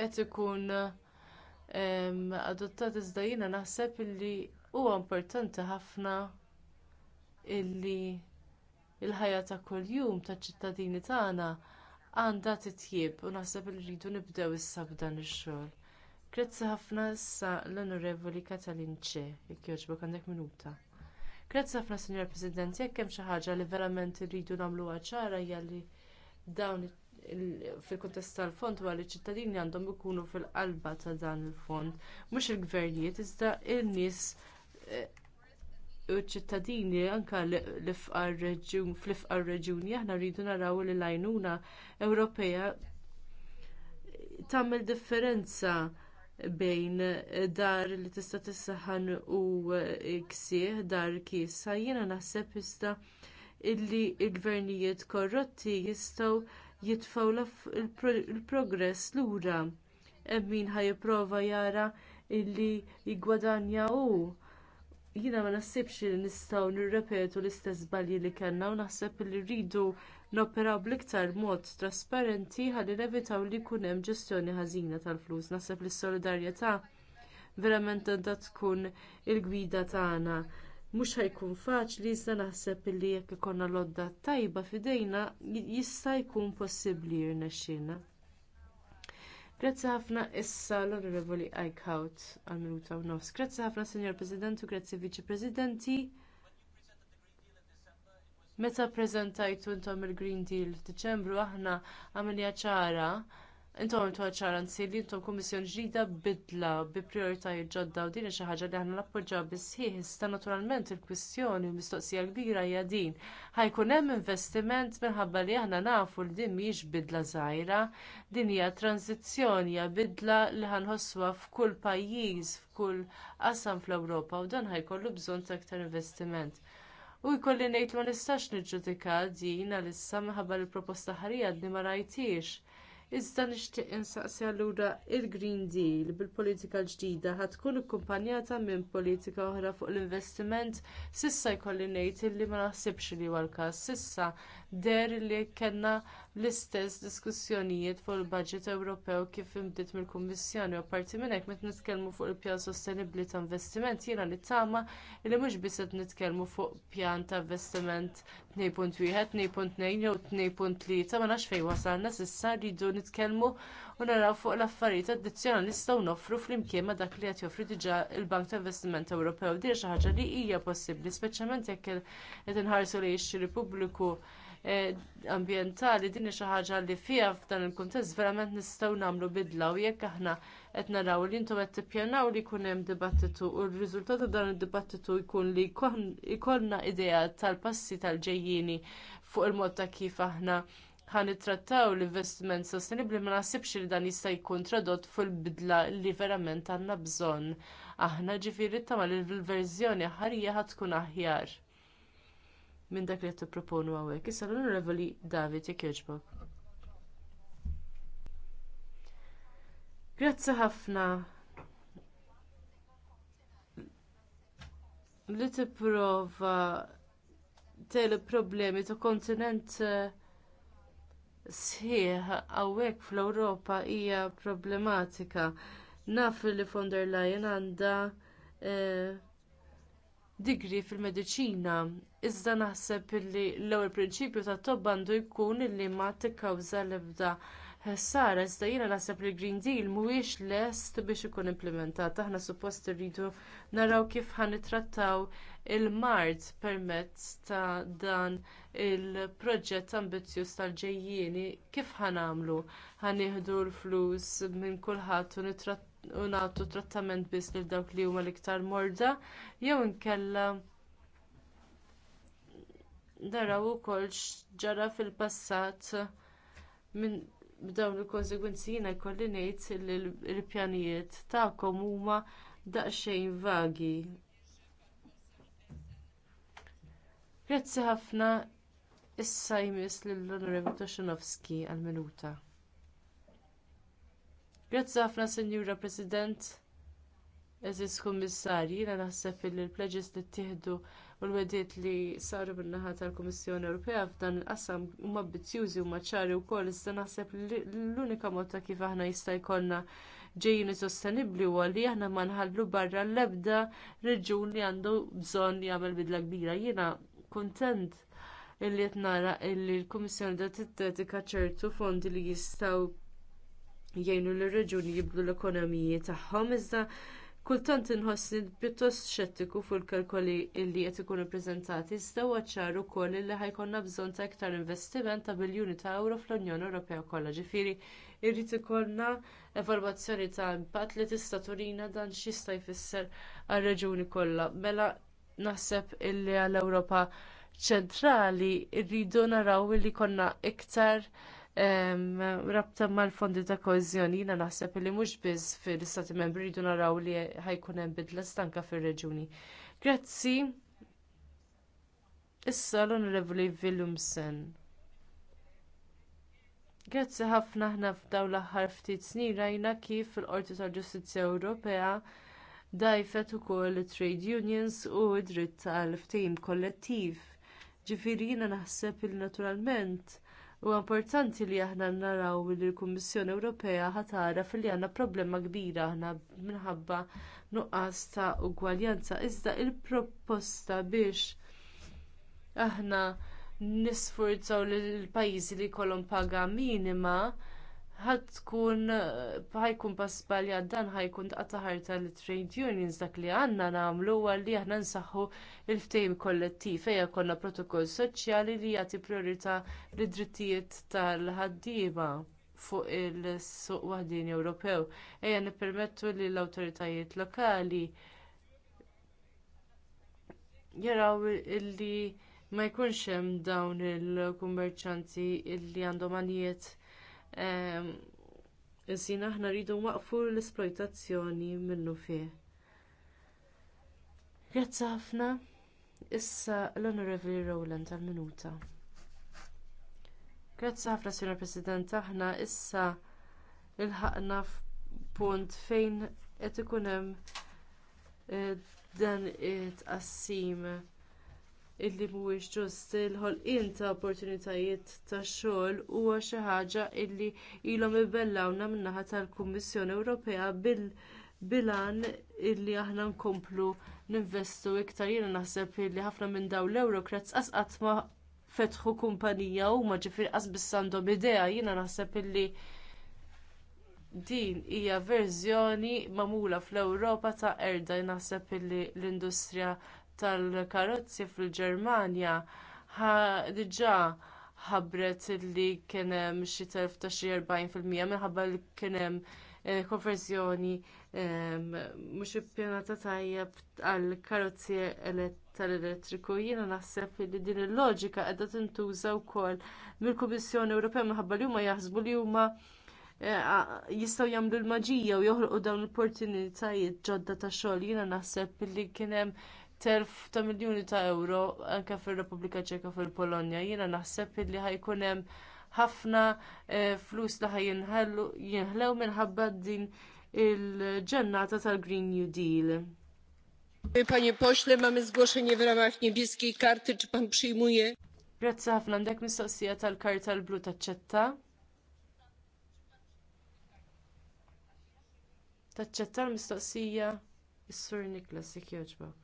qed ikun adottat iżda jiena naħseb illi huwa importanti ħafna illi il-ħajja ta' kuljum taċ ċittadini tagħna għandha titjieb u naħseb li rridu nibdew issa b'dan ix-xogħol. Grazzi ħafna issa l-Onorevoli Katalin Ċe, jekk jogħġbok għandek minuta. Grazzi ħafna Signor President, jekk hemm xi ħaġa li verament irridu nagħmluha ċara hija li dawn fil-kontest tal-fond huwa li ċittadini għandhom ikunu fil-qalba ta' dan il-fond. Mhux il-gvernijiet, iżda il-nies e, u ċittadini anke fl-ifqar reġuni aħna rridu naraw li l-għajnuna Ewropea tagħmel differenza bejn dar li tista' tissaħan u ksieħ dar kiesa jiena naħseb iżda illi l-gvernijiet korrotti jistgħu jitfaw il-progress lura. Hemm min ħaj jipprova jara illi jiggwadanja hu. Jiena ma naħsibx li nistgħu nirrepetu l-istess żbalji li kellna u naħseb li rridu noperaw bl-iktar mod trasparenti ħalli nevitaw li jkun hemm ġestjoni ħażina tal-flus. Naħseb li s-solidarjetà verament għandha tkun il-gwida tagħna mhux ħajkun faċli iżda naħseb li jekk ikollna lodda tajba f'idejna jista' jkun possibbli jirnexxina. Grazzi ħafna issa l-Onorevoli Eichhout għal minuta u nofs. Grazzi ħafna Sinjor President u grazzi Viċi Presidenti. Meta preżentajtu intom il-Green Deal f'Diċembru aħna għamilja ċara Intom intu ċaranzi li intom kummissjoni ġdida bidla bi prioritajiet ġodda u din xi ħaġa li aħna bis sħiħ iżda naturalment il-kwistjoni mistoqsija kbira hija din. Ħajkun hemm investiment minħabba li aħna nafu li din mhijiex bidla żgħira, din hija tranzizzjoni hija bidla li ħanħossuha f'kull pajjiż, f'kull qasam fl-Ewropa u dan ħajkollu bżonn ta' aktar investiment. U jkolli ngħid ma nistax niġġudika din għalissa minħabba li l proposta ħarija li ma rajtix Iżda nixtieq insaqsi allura il-Green Deal bil-politika ġdida ħad tkun ikkumpanjata minn politika oħra fuq l-investiment sissa jkolli ngħid li ma naħsibx li huwa l-każ. Sissa der li kellna l-istess diskussjonijiet fuq il-budget Ewropew kif imdiet mill-Kummissjoni u parti minn hekk meta nitkellmu fuq il-pjan sostenibbli ta' investiment jiena nittama li mhux biss qed nitkellmu fuq pjan ta' investiment 2.1, 2.2 jew 2.3 ma nafx fejn wasalna s'issa rridu nitkellmu u naraw fuq l-affarijiet addizzjonali nistgħu noffru flimkien ma' dak li qed joffri diġà il-Bank ta' Investiment Ewropew. Din xi ħaġa li hija possibbli, speċjalment jekk qed inħarsu li jixxi Repubbliku pubbliku Eh, ambjentali din xi ħaġa li fiha f'dan il-kuntest verament nistgħu nagħmlu bidla u jekk aħna qed naraw li intom qed tippjanaw li jkun hemm dibattitu u r-riżultat ta' dan id-dibattitu jkun li jkollna idea tal-passi tal-ġejjieni fuq il-mod ta' kif aħna ħan ittrattaw l-investiment sostenibbli ma naħsibx li dan jista' jkun tradott fil-bidla li verament għandna bżonn. Aħna ġifieri tama li l-verżjoni ħarija ħadd tkun aħjar minn dak li qed tipproponu hawnhekk. Issa l-Onorevoli David jekk Grazzi ħafna li tipprova tele problemi ta' kontinent eh, sħiħ hawnhekk fl-Ewropa hija problematika. Naf li von der Leyen għandha eh, digri fil-mediċina iżda naħseb li l-ewwel prinċipju tat tob għandu jkun li ma tikkawża l-ebda ħsara iżda jiena naħseb li Green Deal mhuwiex lest biex ikun implementat. Aħna suppost irridu naraw kif ħanitrattaw il-mart permezz ta' dan il-proġett ambizzjuż tal-ġejjieni kif ħanamlu ħanieħdu l-flus minn kulħadd u nagħtu trattament biss lil dawk li huma l-iktar morda jew inkella daraw ukoll ġara fil-passat minn b'dawn il-konsegwenzi jiena jkolli ngħid li l-pjanijiet tagħkom huma daqsxejn vagi. Grazzi ħafna issa jmiss lill-Onorevoli Toshinovski għal-minuta. Grazzi ħafna Sinjura President, Eżis Kummissarji, jiena naħseb li l-pleġis li ttieħdu u l wegħdiet li saru bin-naħa tal-Kummissjoni Ewropea f'dan il-qasam huma ambizzjużi huma ċari wkoll iżda naħseb l-unika mod kif aħna jista' jkollna ġejjini sostenibbli huwa li aħna ma nħallu barra l-ebda reġun li għandu bżonn jagħmel bidla kbira. Jiena kuntent illi qed nara illi l-Kummissjoni da tittetika ċertu fondi li jistgħu jgħinu lir reġuni jibdlu l-ekonomiji tagħhom iżda Kultant inħossi pjuttost xettiku fuq il-kalkoli li qed ikunu ppreżentati iżda huwa ċar ukoll li ħajkonna bżonn ta' iktar investiment ta' biljuni ta' euro fl-Unjoni Ewropea kollha. Ġifieri irrid ikollna evalwazzjoni ta' impatt li tista' turina dan x'jista' jfisser għar-reġuni kollha. Mela naħseb illi għall-Ewropa ċentrali rridu naraw li jkollna iktar rabta mal-fondi ta' koezjoni jiena naħseb li mhux biss fil-istati membri jridu naraw li ħajkun hemm bidla stanka fir-reġuni. Grazzi. Issa l-Onorevoli Willumsen. Grazzi ħafna ħna f'daw l-aħħar ftit snin rajna kif fil-Qorti tal-Ġustizzja Ewropea dajfet ukoll trade unions u d dritt tal-ftehim kollettiv. Ġifieri jiena naħseb li naturalment U importanti li aħna naraw li l-Kummissjoni Ewropea ħatara fil-li għanna problema kbira aħna minħabba nuqqas ta' ugwaljanza. Iżda il-proposta biex aħna nisfurzaw l-pajizi li kolom paga minima ħad tkun eh, ħajkun pasbalja dan ħajkun daqta tal trade unions dak li għandna nagħmlu huwa li aħna nsaħħu il-ftehim kollettiv ejja jkollna protokoll soċjali li jagħti priorità lid drittijiet tal-ħaddiema fuq il-suq waħdin Ewropew. Ejja nippermettu li l-awtoritajiet lokali jaraw li ma jkunx hemm dawn il-kummerċanti illi għandhom għanijiet Iżjina aħna rridu waqfu l-esploitazzjoni minnu fih. Grazzi ħafna. Issa l-Onorevoli Rowland tal-minuta. Grazzi ħafna, Sr. President, aħna issa ilħaqna f'punt fejn qed ikun hemm eh, dan it-qassim illi mhuwiex ġust il-ħolqien ta' opportunitajiet tax xogħol huwa xi ħaġa li ilhom ibellawna min-naħa tal-Kummissjoni Ewropea bil-bilan illi aħna nkomplu ninvestu iktar jiena naħseb illi ħafna minn dawn l-Eurokrats qasqat ma fetħu kumpanija huma ġifieri qas biss għandhom idea jiena naħseb illi din hija verżjoni magħmula fl-Ewropa ta' erda naħseb illi l-industrija tal-karozzi fil-Ġermanja diġà ħabbret li kien hemm xi telf ta' xi mija minħabba li kien hemm eh, konversjoni ehm, mhux ippjanata tajjeb għall karozzi tal-elettriku jiena naħseb li din il-loġika qiegħda tintuża wkoll mill-Kummissjoni Ewropea minħabba li huma jaħsbu li huma eh, jistgħu jagħmlu l-maġija u joħolqu dawn l-opportunitajiet ġodda ta' xogħol jiena naħseb li kien hemm telf ta' miljuni ta' euro anke fir-Repubblika Ċeka fil-Polonja. Jiena naħseb li ħajkun hemm ħafna eh, flus li ħajinħallu jinħlew minħabba din il-ġennata tal-Green New Deal. Panie pośle, mamy zgłoszenie w ramach niebieskiej karty. Czy pan przyjmuje? Grazzi ħafna għandek mistoqsija tal-karta tal blu taċċetta. Taċċetta l-mistoqsija is-Sur Niklas jekk jogħġbok.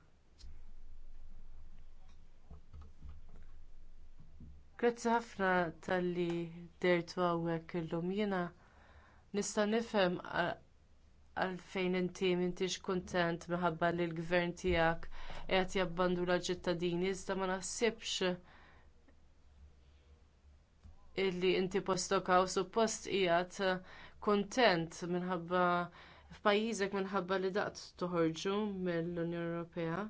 Grazzi ħafna tal-li dertu għawek illum jena nista nifhem għalfejn inti m'intix kuntent minħabba li l-gvern tiegħek qed jabbandu l-ċittadini iżda ma naħsibx illi inti postok hawn suppost qiegħed kuntent minħabba f'pajjiżek minħabba li daqt toħorġu mill-Unjoni Ewropea.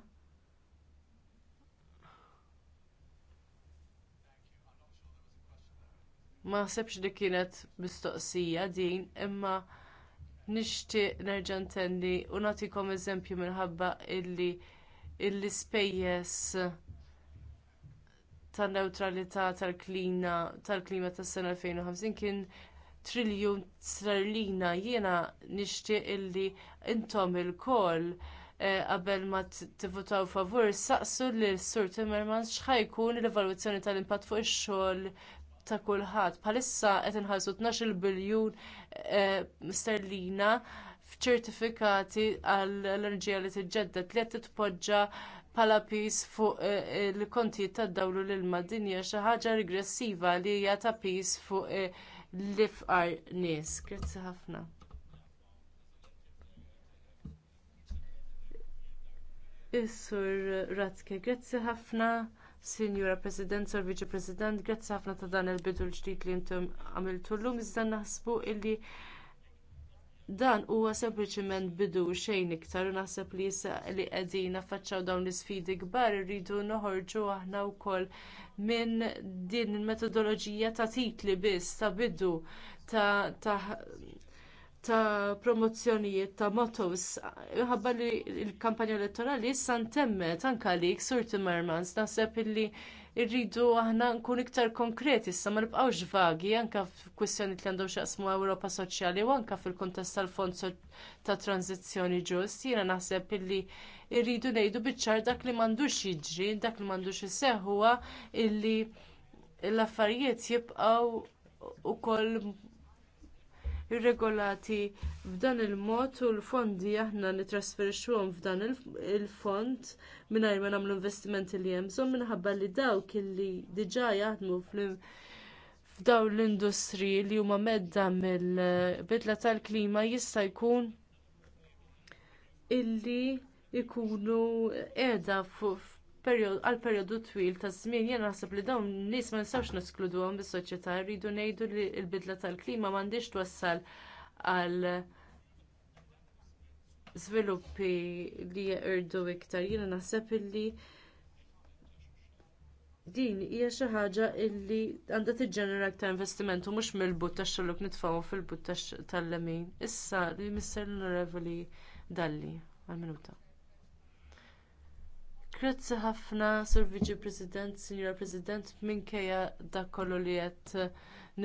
Ma sebx li kienet mistoqsija din, imma nixtieq nerġa' ntenni u nagħtikom eżempju minħabba illi l-ispejjeż tan-newtralità tal-klima tal-klima tas-sena 2050 kien triljun sterlina jiena nixtieq illi intom il-koll eh, qabel ma tivvotaw favur saqsu li s-sur Timmermans jkun l-evalwazzjoni tal-impatt fuq ix-xogħol ta' kulħadd. Bħalissa qed inħallsu 12 biljun eh, sterlina f'ċertifikati għall-enerġija li tiġġedded li qed titpoġġa bħala pis fuq eh, il-kontijiet tad dawlu l-ilma dinja xi ħaġa regressiva li hija ta' pis fuq eh, l-ifqar nies. Grazzi ħafna. Is-sur Ratke, grazzi ħafna. Sinjura President, Sor Viċi President, grazzi ħafna ta' dan il-bidu l-ġdid li intom għamiltu llum iżda naħsbu illi dan huwa sempliċement bidu xejn iktar u naħseb li issa li qegħdin faċċaw dawn l-isfidi kbar irridu noħorġu aħna wkoll minn din il-metodoloġija ta' titli biss ta' bidu ta', ta ta' promozzjonijiet ta' motos. Ħabba li l-kampanja elettorali issa ntemmet anke li Sur Timmermans naħseb illi rridu aħna nkun iktar konkret issa ma nibqgħux vagi anke f'kwistjoni li għandhom xaqsmu Ewropa Soċjali u anke fil-kuntest tal-Fond ta' Tranzizzjoni Ġust. Jiena naħseb illi rridu ngħidu biċċar dak li m'għandux jiġri, dak li m'għandux iseħħ huwa illi l-affarijiet jibqgħu ukoll irregolati f'dan il-mod u l-fondi aħna nitrasferixxuhom f'dan il-fond mingħajr ma nagħmlu investimenti li hemm bżonn minħabba li dawk illi diġà jaħdmu f'dawn l-industri li huma medda mill-bidla tal-klima jista' jkun illi ikunu qiegħda fuq għal perjodu twil ta' żmien jien naħseb li dawn nies ma nistgħux naskluduhom bis-soċjetà rridu ngħidu li l-bidla tal-klima m'għandix twassal għal żviluppi li jirdu iktar. Jiena naħseb illi din hija xi ħaġa li għandha tiġġenera aktar investiment u mhux mill-but tax xogħol nitfgħu fil-but tal-lemin. Issa li misser l Dalli għal-minuta. Grazzi ħafna, Sur Viġi President, Signora President, minkejja dakollu kollu li qed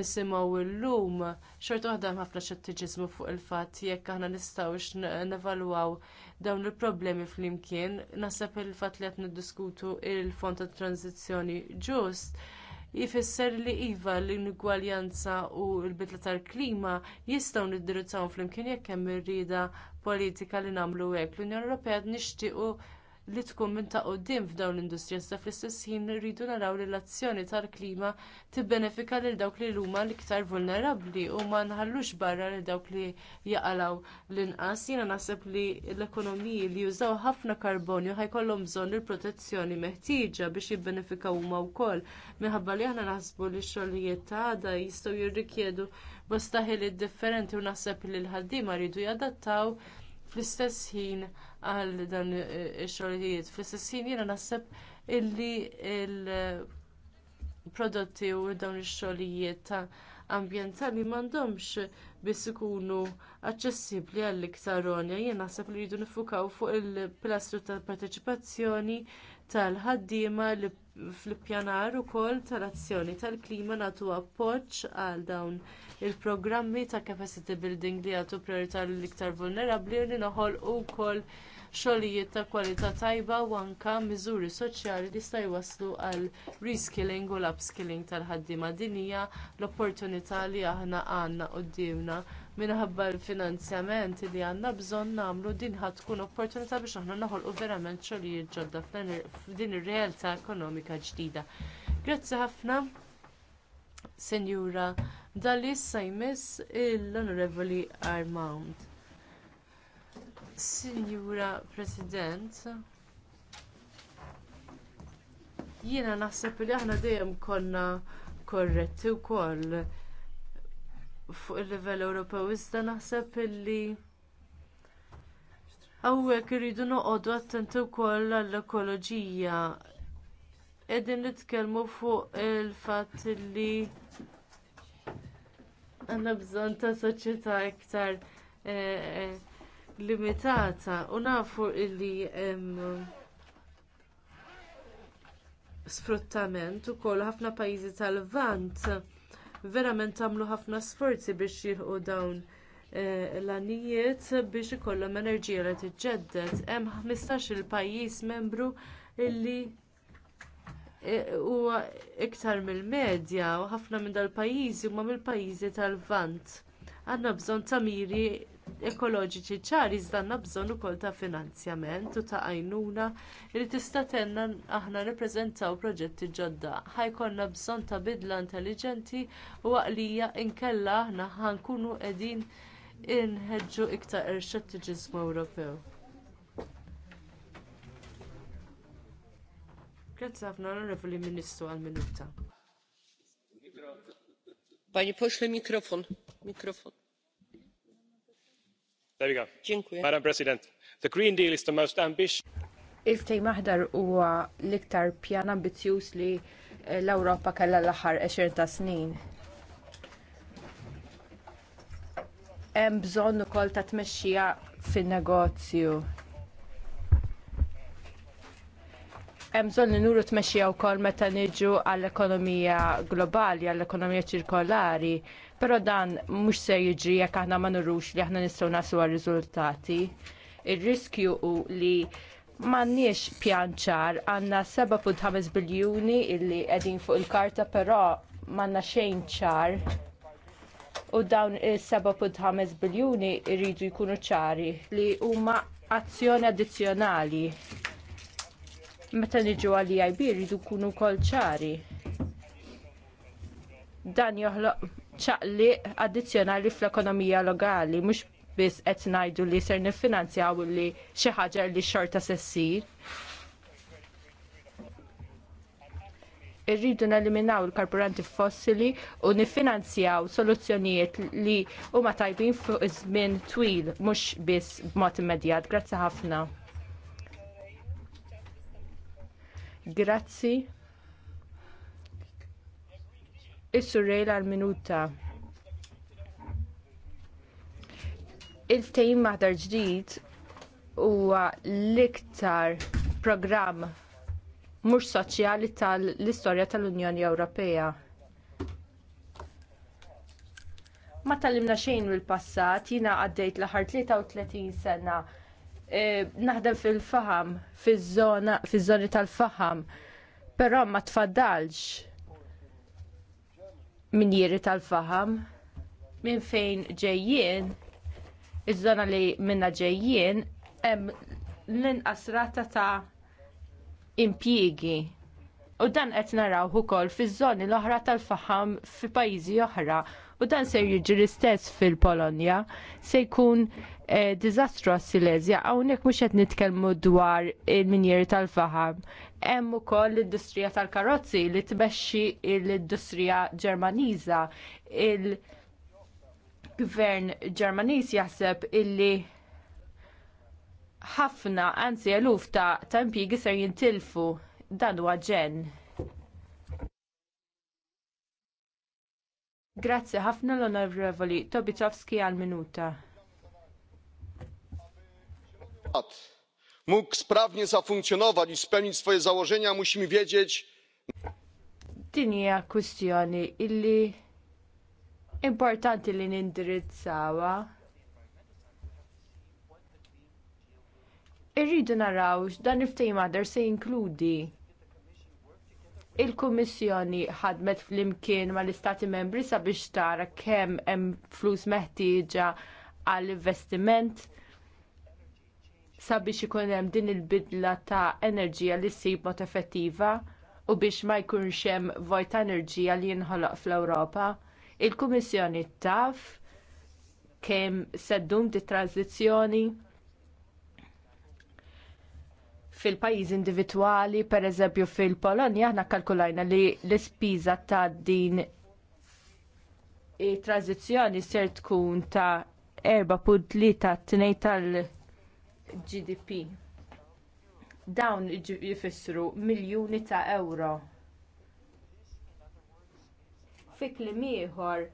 nisimgħu il Xorta ċertu hemm ħafna xettiġiżmu fuq il-fatt jekk aħna nistgħux nevalwaw dawn il-problemi flimkien. Naħseb il-fatt li qed niddiskutu il-fond ta' tranzizjoni ġust jifisser li iva l ingwaljanza u l-bidla tal-klima jistgħu niddirizzaw flimkien jekk hemm irrieda politika li nagħmlu hekk. L-Unjoni Ewropea nixtiequ li tkun minn ta' quddiem f'dawn l-industrija sa fl-istess ħin rridu naraw li l-azzjoni tal-klima tibbenefika lil dawk li huma l-iktar vulnerabbli u ma nħallux barra lil dawk li jaqalaw l-inqas. Jiena naħseb li l-ekonomiji li jużaw ħafna karbonju ħajkollhom bżonn il-protezzjoni meħtieġa biex jibbenefikaw huma wkoll minħabba li aħna naħsbu li x-xogħlijiet ta' għada jistgħu jirrikjedu bosta ħiliet differenti u naħseb li l-ħaddiema rridu jadattaw fl-istess ħin għal dan ix-xogħlijiet. Fl-istess ħin jiena naħseb illi il-prodotti u dawn ix-xogħlijiet ta' ambjentali m'għandhomx biss ikunu aċċessibbli għall iktar onja. Jien naħseb li jridu nifukaw fuq il-pilastru tal-parteċipazzjoni tal-ħaddiema li fl-ippjanar ukoll tal-azzjoni tal-klima nagħtu appoġġ għal dawn il-programmi ta' capacity building li jagħtu priorità lill-iktar vulnerabbli u li noħolqu wkoll xogħlijiet ta' kwalità tajba u anke miżuri soċjali li jista' jwasslu għal reskilling u l-upskilling tal-ħaddiema din hija l-opportunità li aħna għandna quddiemna minħabba l-finanzjament li għandna bżonn nagħmlu din ħadd tkun opportunità biex aħna noħolqu verament xogħlijiet ġodda f'din ir-realtà ekonomika ġdida. Grazzi ħafna, Senjura, dali issa jmiss l-Onorevoli Armand. Senjura President, jiena naħseb li aħna dejjem konna korretti wkoll fuq il-livell Ewropew. Iżda naħseb illi hawnhekk irridu noqogħdu attenti wkoll għall-ekoloġija. Qegħdin nitkellmu fuq il-fatt li għandna bżonn ta' soċjetà iktar eh, eh, limitata u nafu illi hemm sfruttament ukoll ħafna pajjiżi tal-vant verament għamlu ħafna sforzi biex jilħqu dawn eh, l għanijiet biex ikollhom enerġija li tiġġedded. Hemm 15 il pajjiż membru illi eh, huwa iktar mill-medja u ħafna minn dal-pajjiżi huma mill-pajjiżi tal-Vant. Għandna bżonn ta' miri ekoloġiċi ċari iżdanna bżonn ukoll ta' finanzjament u ta' għajnuna li tista' tenna aħna nippreżentaw proġetti ġodda. Ħajkonna bżonn ta' bidla intelligenti u għaqlija inkella aħna ħankunu qegħdin inħeġġu iktar irxettiġiżmu Ewropew. Grazzi ħafna onorevoli Ministru għal-minuta. Pani pośle mikrofon. Mikrofon. Madam President, the Green Deal is the most ambitious. Il-ftejm aħdar huwa l-iktar pjan ambizzjuż li l-Ewropa kellha l-aħħar 20 ta' snin. Hemm bżonn ukoll ta' tmexxija fin-negozju. Hemm bżonn li nuru tmexxija wkoll meta niġu għall-ekonomija globali, għall-ekonomija ċirkolari Però dan mhux se jiġri jekk aħna ma nurrux li aħna nistgħu naslu għar-riżultati. Ir-riskju hu li m'għandniex pjan ċar għandna 7.5 biljuni illi qegħdin fuq il-karta però m'għandna xejn ċar u dawn is-7.5 biljuni jridu jkunu ċari li huma azzjoni addizzjonali. Meta niġu għal IB jridu jkunu wkoll ċari dan joħloq ċaqli addizzjonali fl-ekonomija lokali, mhux biss qed ngħidu li ser niffinanzjaw li xi ħaġa li xorta se ssir. Irridu neliminaw il-karburanti fossili u niffinanzjaw soluzzjonijiet li huma tajbin fuq iż-żmien twil mhux biss b'mod immedjat. Grazzi ħafna. Grazzi is surrejl għal-minuta. Il-tejn maħdar ġdid huwa l-iktar programm mhux soċjali tal-istorja tal-Unjoni Ewropea. Ma tallimna xejn mill-passat, jiena għaddejt l-aħħar 33 sena e, naħdem fil-faham, fiż-żoni tal-faham, però ma tfaddalx jiri tal-faham minn fejn ġejjien iż-żona li minna ġejjien hemm l inqasrata ta' impjiegi. U dan qed naraw ukoll fiż-żoni l-oħra tal-faham fi pajjiżi oħra u dan se jiġri stess fil-Polonja se jkun Eh, dizastru għas-Silesia, hawnhekk mhux qed nitkellmu dwar il-minjeri tal-faħam. Hemm ukoll l-industrija tal-karozzi li tmexxi l-industrija Ġermaniża. Il-gvern Ġermaniż jaħseb illi ħafna anzi eluf ta' impjiegi ser jintilfu dan huwa ġen. Grazzi ħafna l-Onorevoli Tobitowski għal minuta mógł sprawnie zafunkcjonować i spełnić swoje założenia musimy wiedzieć Din hija kwistjoni illi importanti li nindirizzawa. Irridu naraw dan il-ftehim għadar se jinkludi il-Kummissjoni ħadmet flimkien mal istati membri sabiex tara kemm hemm flus meħtieġa għall-investiment sabiex ikun hemm din il-bidla ta' enerġija li ssib mod effettiva u biex ma jkunx hemm vojt ta' enerġija li jinħoloq fl-Ewropa. Il-Kummissjoni taf kemm seddum di tranzizzjoni fil-pajjiż individwali, pereżempju fil-Polonja, aħna kkalkulajna li l-ispiża ta' din it-tranzizzjoni ser tkun ta' 4.3 tnejn tal- gdp Dawn jifissru miljuni ta' euro. Fi kliem ieħor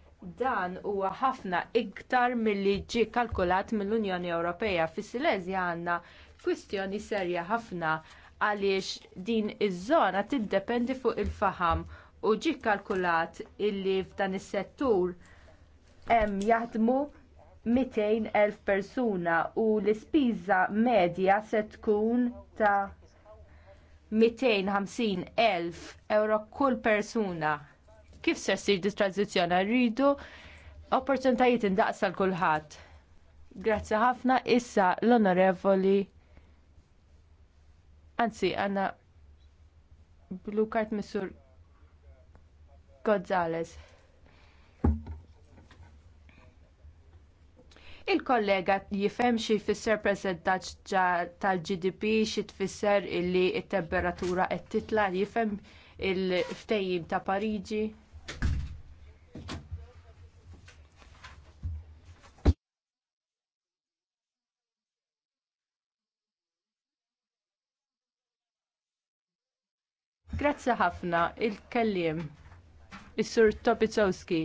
dan huwa ħafna iktar milli ġie kalkulat mill-Unjoni Ewropea. Fis-Silesja għandna kwistjoni serja ħafna għaliex din iż-żona tiddependi fuq il-faham u ġie kkalkulat illi f'dan is-settur hemm jaħdmu 200.000 persuna u l-ispiża medja se tkun ta' 250.000 euro kull persuna. Kif se ssir dis rridu opportunitajiet indaqsa l kulħadd. Grazzi ħafna issa l-onorevoli Anzi, għanna blu kart missur Gonzales. il-kollega jifhem xi jfisser percentaġġ tal-GDP xi tfisser illi t temperatura qed titla jifhem il-ftejjim ta' Pariġi. Grazzi ħafna il-kellim, is-Sur Topicowski.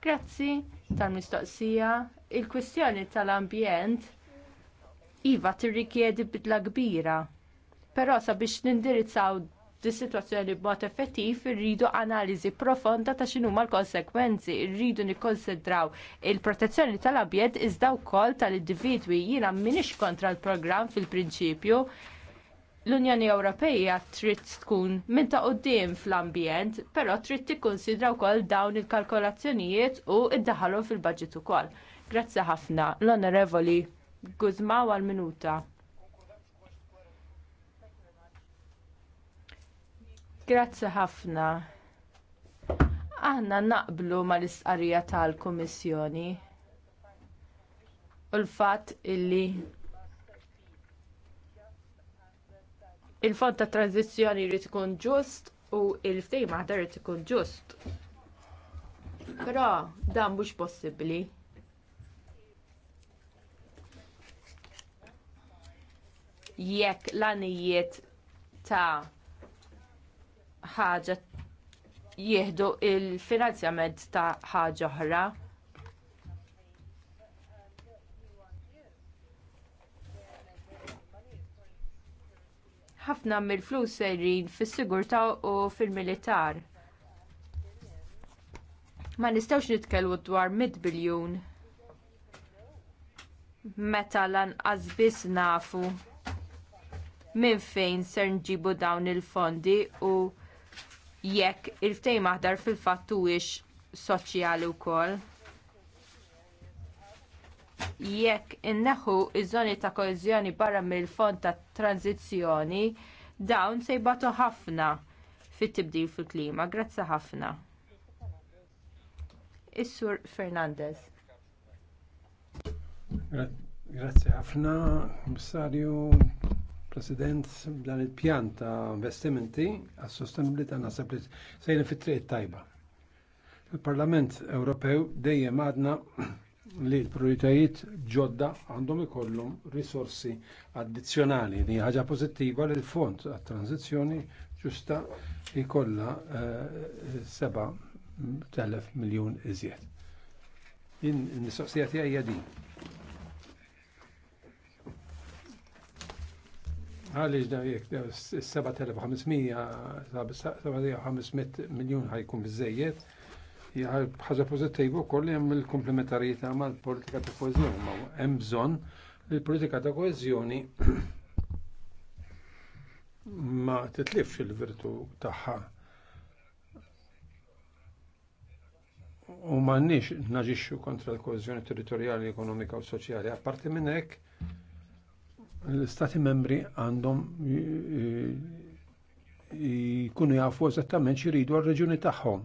Grazzi tal-mistoqsija. Il-kwistjoni tal-ambjent iva tirrikjedi bidla kbira. Però sabiex nindirizzaw di situazzjoni b'mod effettiv irridu analiżi profonda ta' x'inhuma l-konsekwenzi, irridu nikkonsidraw il-protezzjoni tal ambjent iżda wkoll tal-individwi jiena m'iniex kontra l-programm fil-prinċipju l-Unjoni Ewropeja trid tkun minn ta' qudiem fl-ambjent, però trid tikkunsidra wkoll dawn il-kalkolazzjonijiet u iddaħħalhom fil-baġġit ukoll. Grazzi ħafna, l-Onorevoli Guzma għal minuta. Grazzi ħafna. Aħna naqblu mal-istqarrija tal-Kummissjoni u l-fatt illi il-fond ta' tranzizjoni jrid ikun ġust u l ftejm maħdar jrid ikun ġust. Però dan mhux possibbli. Jekk l-anijiet ta' ħaġa jieħdu l finanzjament ta' ħaġa oħra. ħafna mill-flus sejrin fis-sigurtà u fil-militar. Ma nistgħux nitkellmu dwar 100 biljun meta lanqas biss nafu minn fejn ser nġibu dawn il-fondi u jekk il-ftejn aħdar fil-fatt huwiex soċjali wkoll jekk inneħu iż-żoni ta' koeżjoni barra mill-fond tat tranzizzjoni, dawn se jbatu ħafna fit-tibdil fil-klima. Grazzi ħafna. Is-Sur Fernandez. Grazzi ħafna, Komissarju, President, dan il-pjan ta' investimenti għas sostenibilità nasab li sejna fit-triq tajba. Il-Parlament Ewropew dejjem għadna li l-prioritajiet ġodda għandhom ikollhom risorsi addizzjonali li ħaġa pożittiva li l-fond għat-tranzizzjoni ġusta jkollha seba' telef miljun iżjed. Nistoqsija tiegħi hija din. Għaliex da jek, 7500 miljun ħajkun bizzejiet ħaġa pożittiva wkoll hemm il ma mal-politika ta' koezjoni, ma hemm bżonn li l-politika ta' koezjoni ma titlifx il-virtu tagħha. U m'għandniex naġixxu kontra l koezjoni territorjali, ekonomika u soċjali. Apparti minn hekk, l-Stati membri għandhom jkunu jafu eżattament xiridu għal-reġuni tagħhom.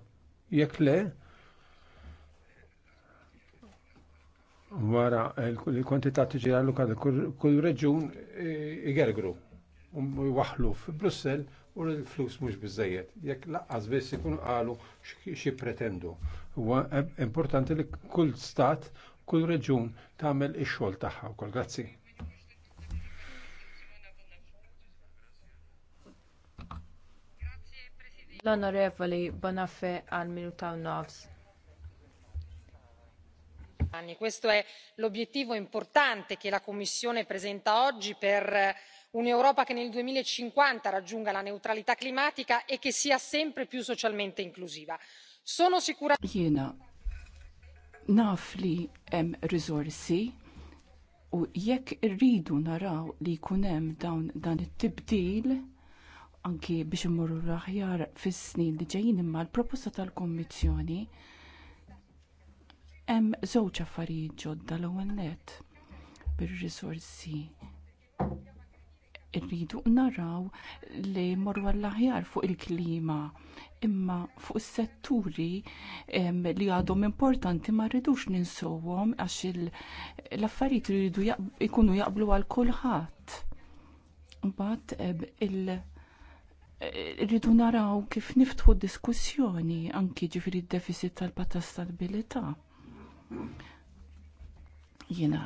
Jekk le, wara il-kwantità tiġi allokata kull reġun e, igergru u um, jwaħlu f'Brussell u l-flus mhux biżejjed. Jekk laqqas biss ikunu qalu xi pretendu. Huwa importanti li kull stat, kull reġun tagħmel ix-xogħol tagħha wkoll. Grazzi. L-Onorevoli Bonafè għal minuta u nofs anni. Questo è l'obiettivo importante che la Commissione presenta oggi per un'Europa che nel duemilacinquanta raggiunga la neutralità climatica e che sia sempre più socialmente inclusiva. Sono sicura Jiena naf li hemm riżorsi u jekk irridu naraw li jkun hemm dawn dan it-tibdil anki biex imorru l-aħjar fis-snin li ġejjin imma l-proposta tal-Kommissjoni Hemm żewġ affarijiet ġodda l-ewwel nett bir-risorsi irridu naraw li morru għall-aħjar fuq il-klima imma fuq is-setturi li għadhom importanti ma rridux ninsowhom għax l-affarijiet rridu jkunu jaqblu għal kulħadd. Mbagħad il- rridu naraw kif niftħu d diskussjoni anki ġifiri d-deficit tal-patas tal-bilita. Jina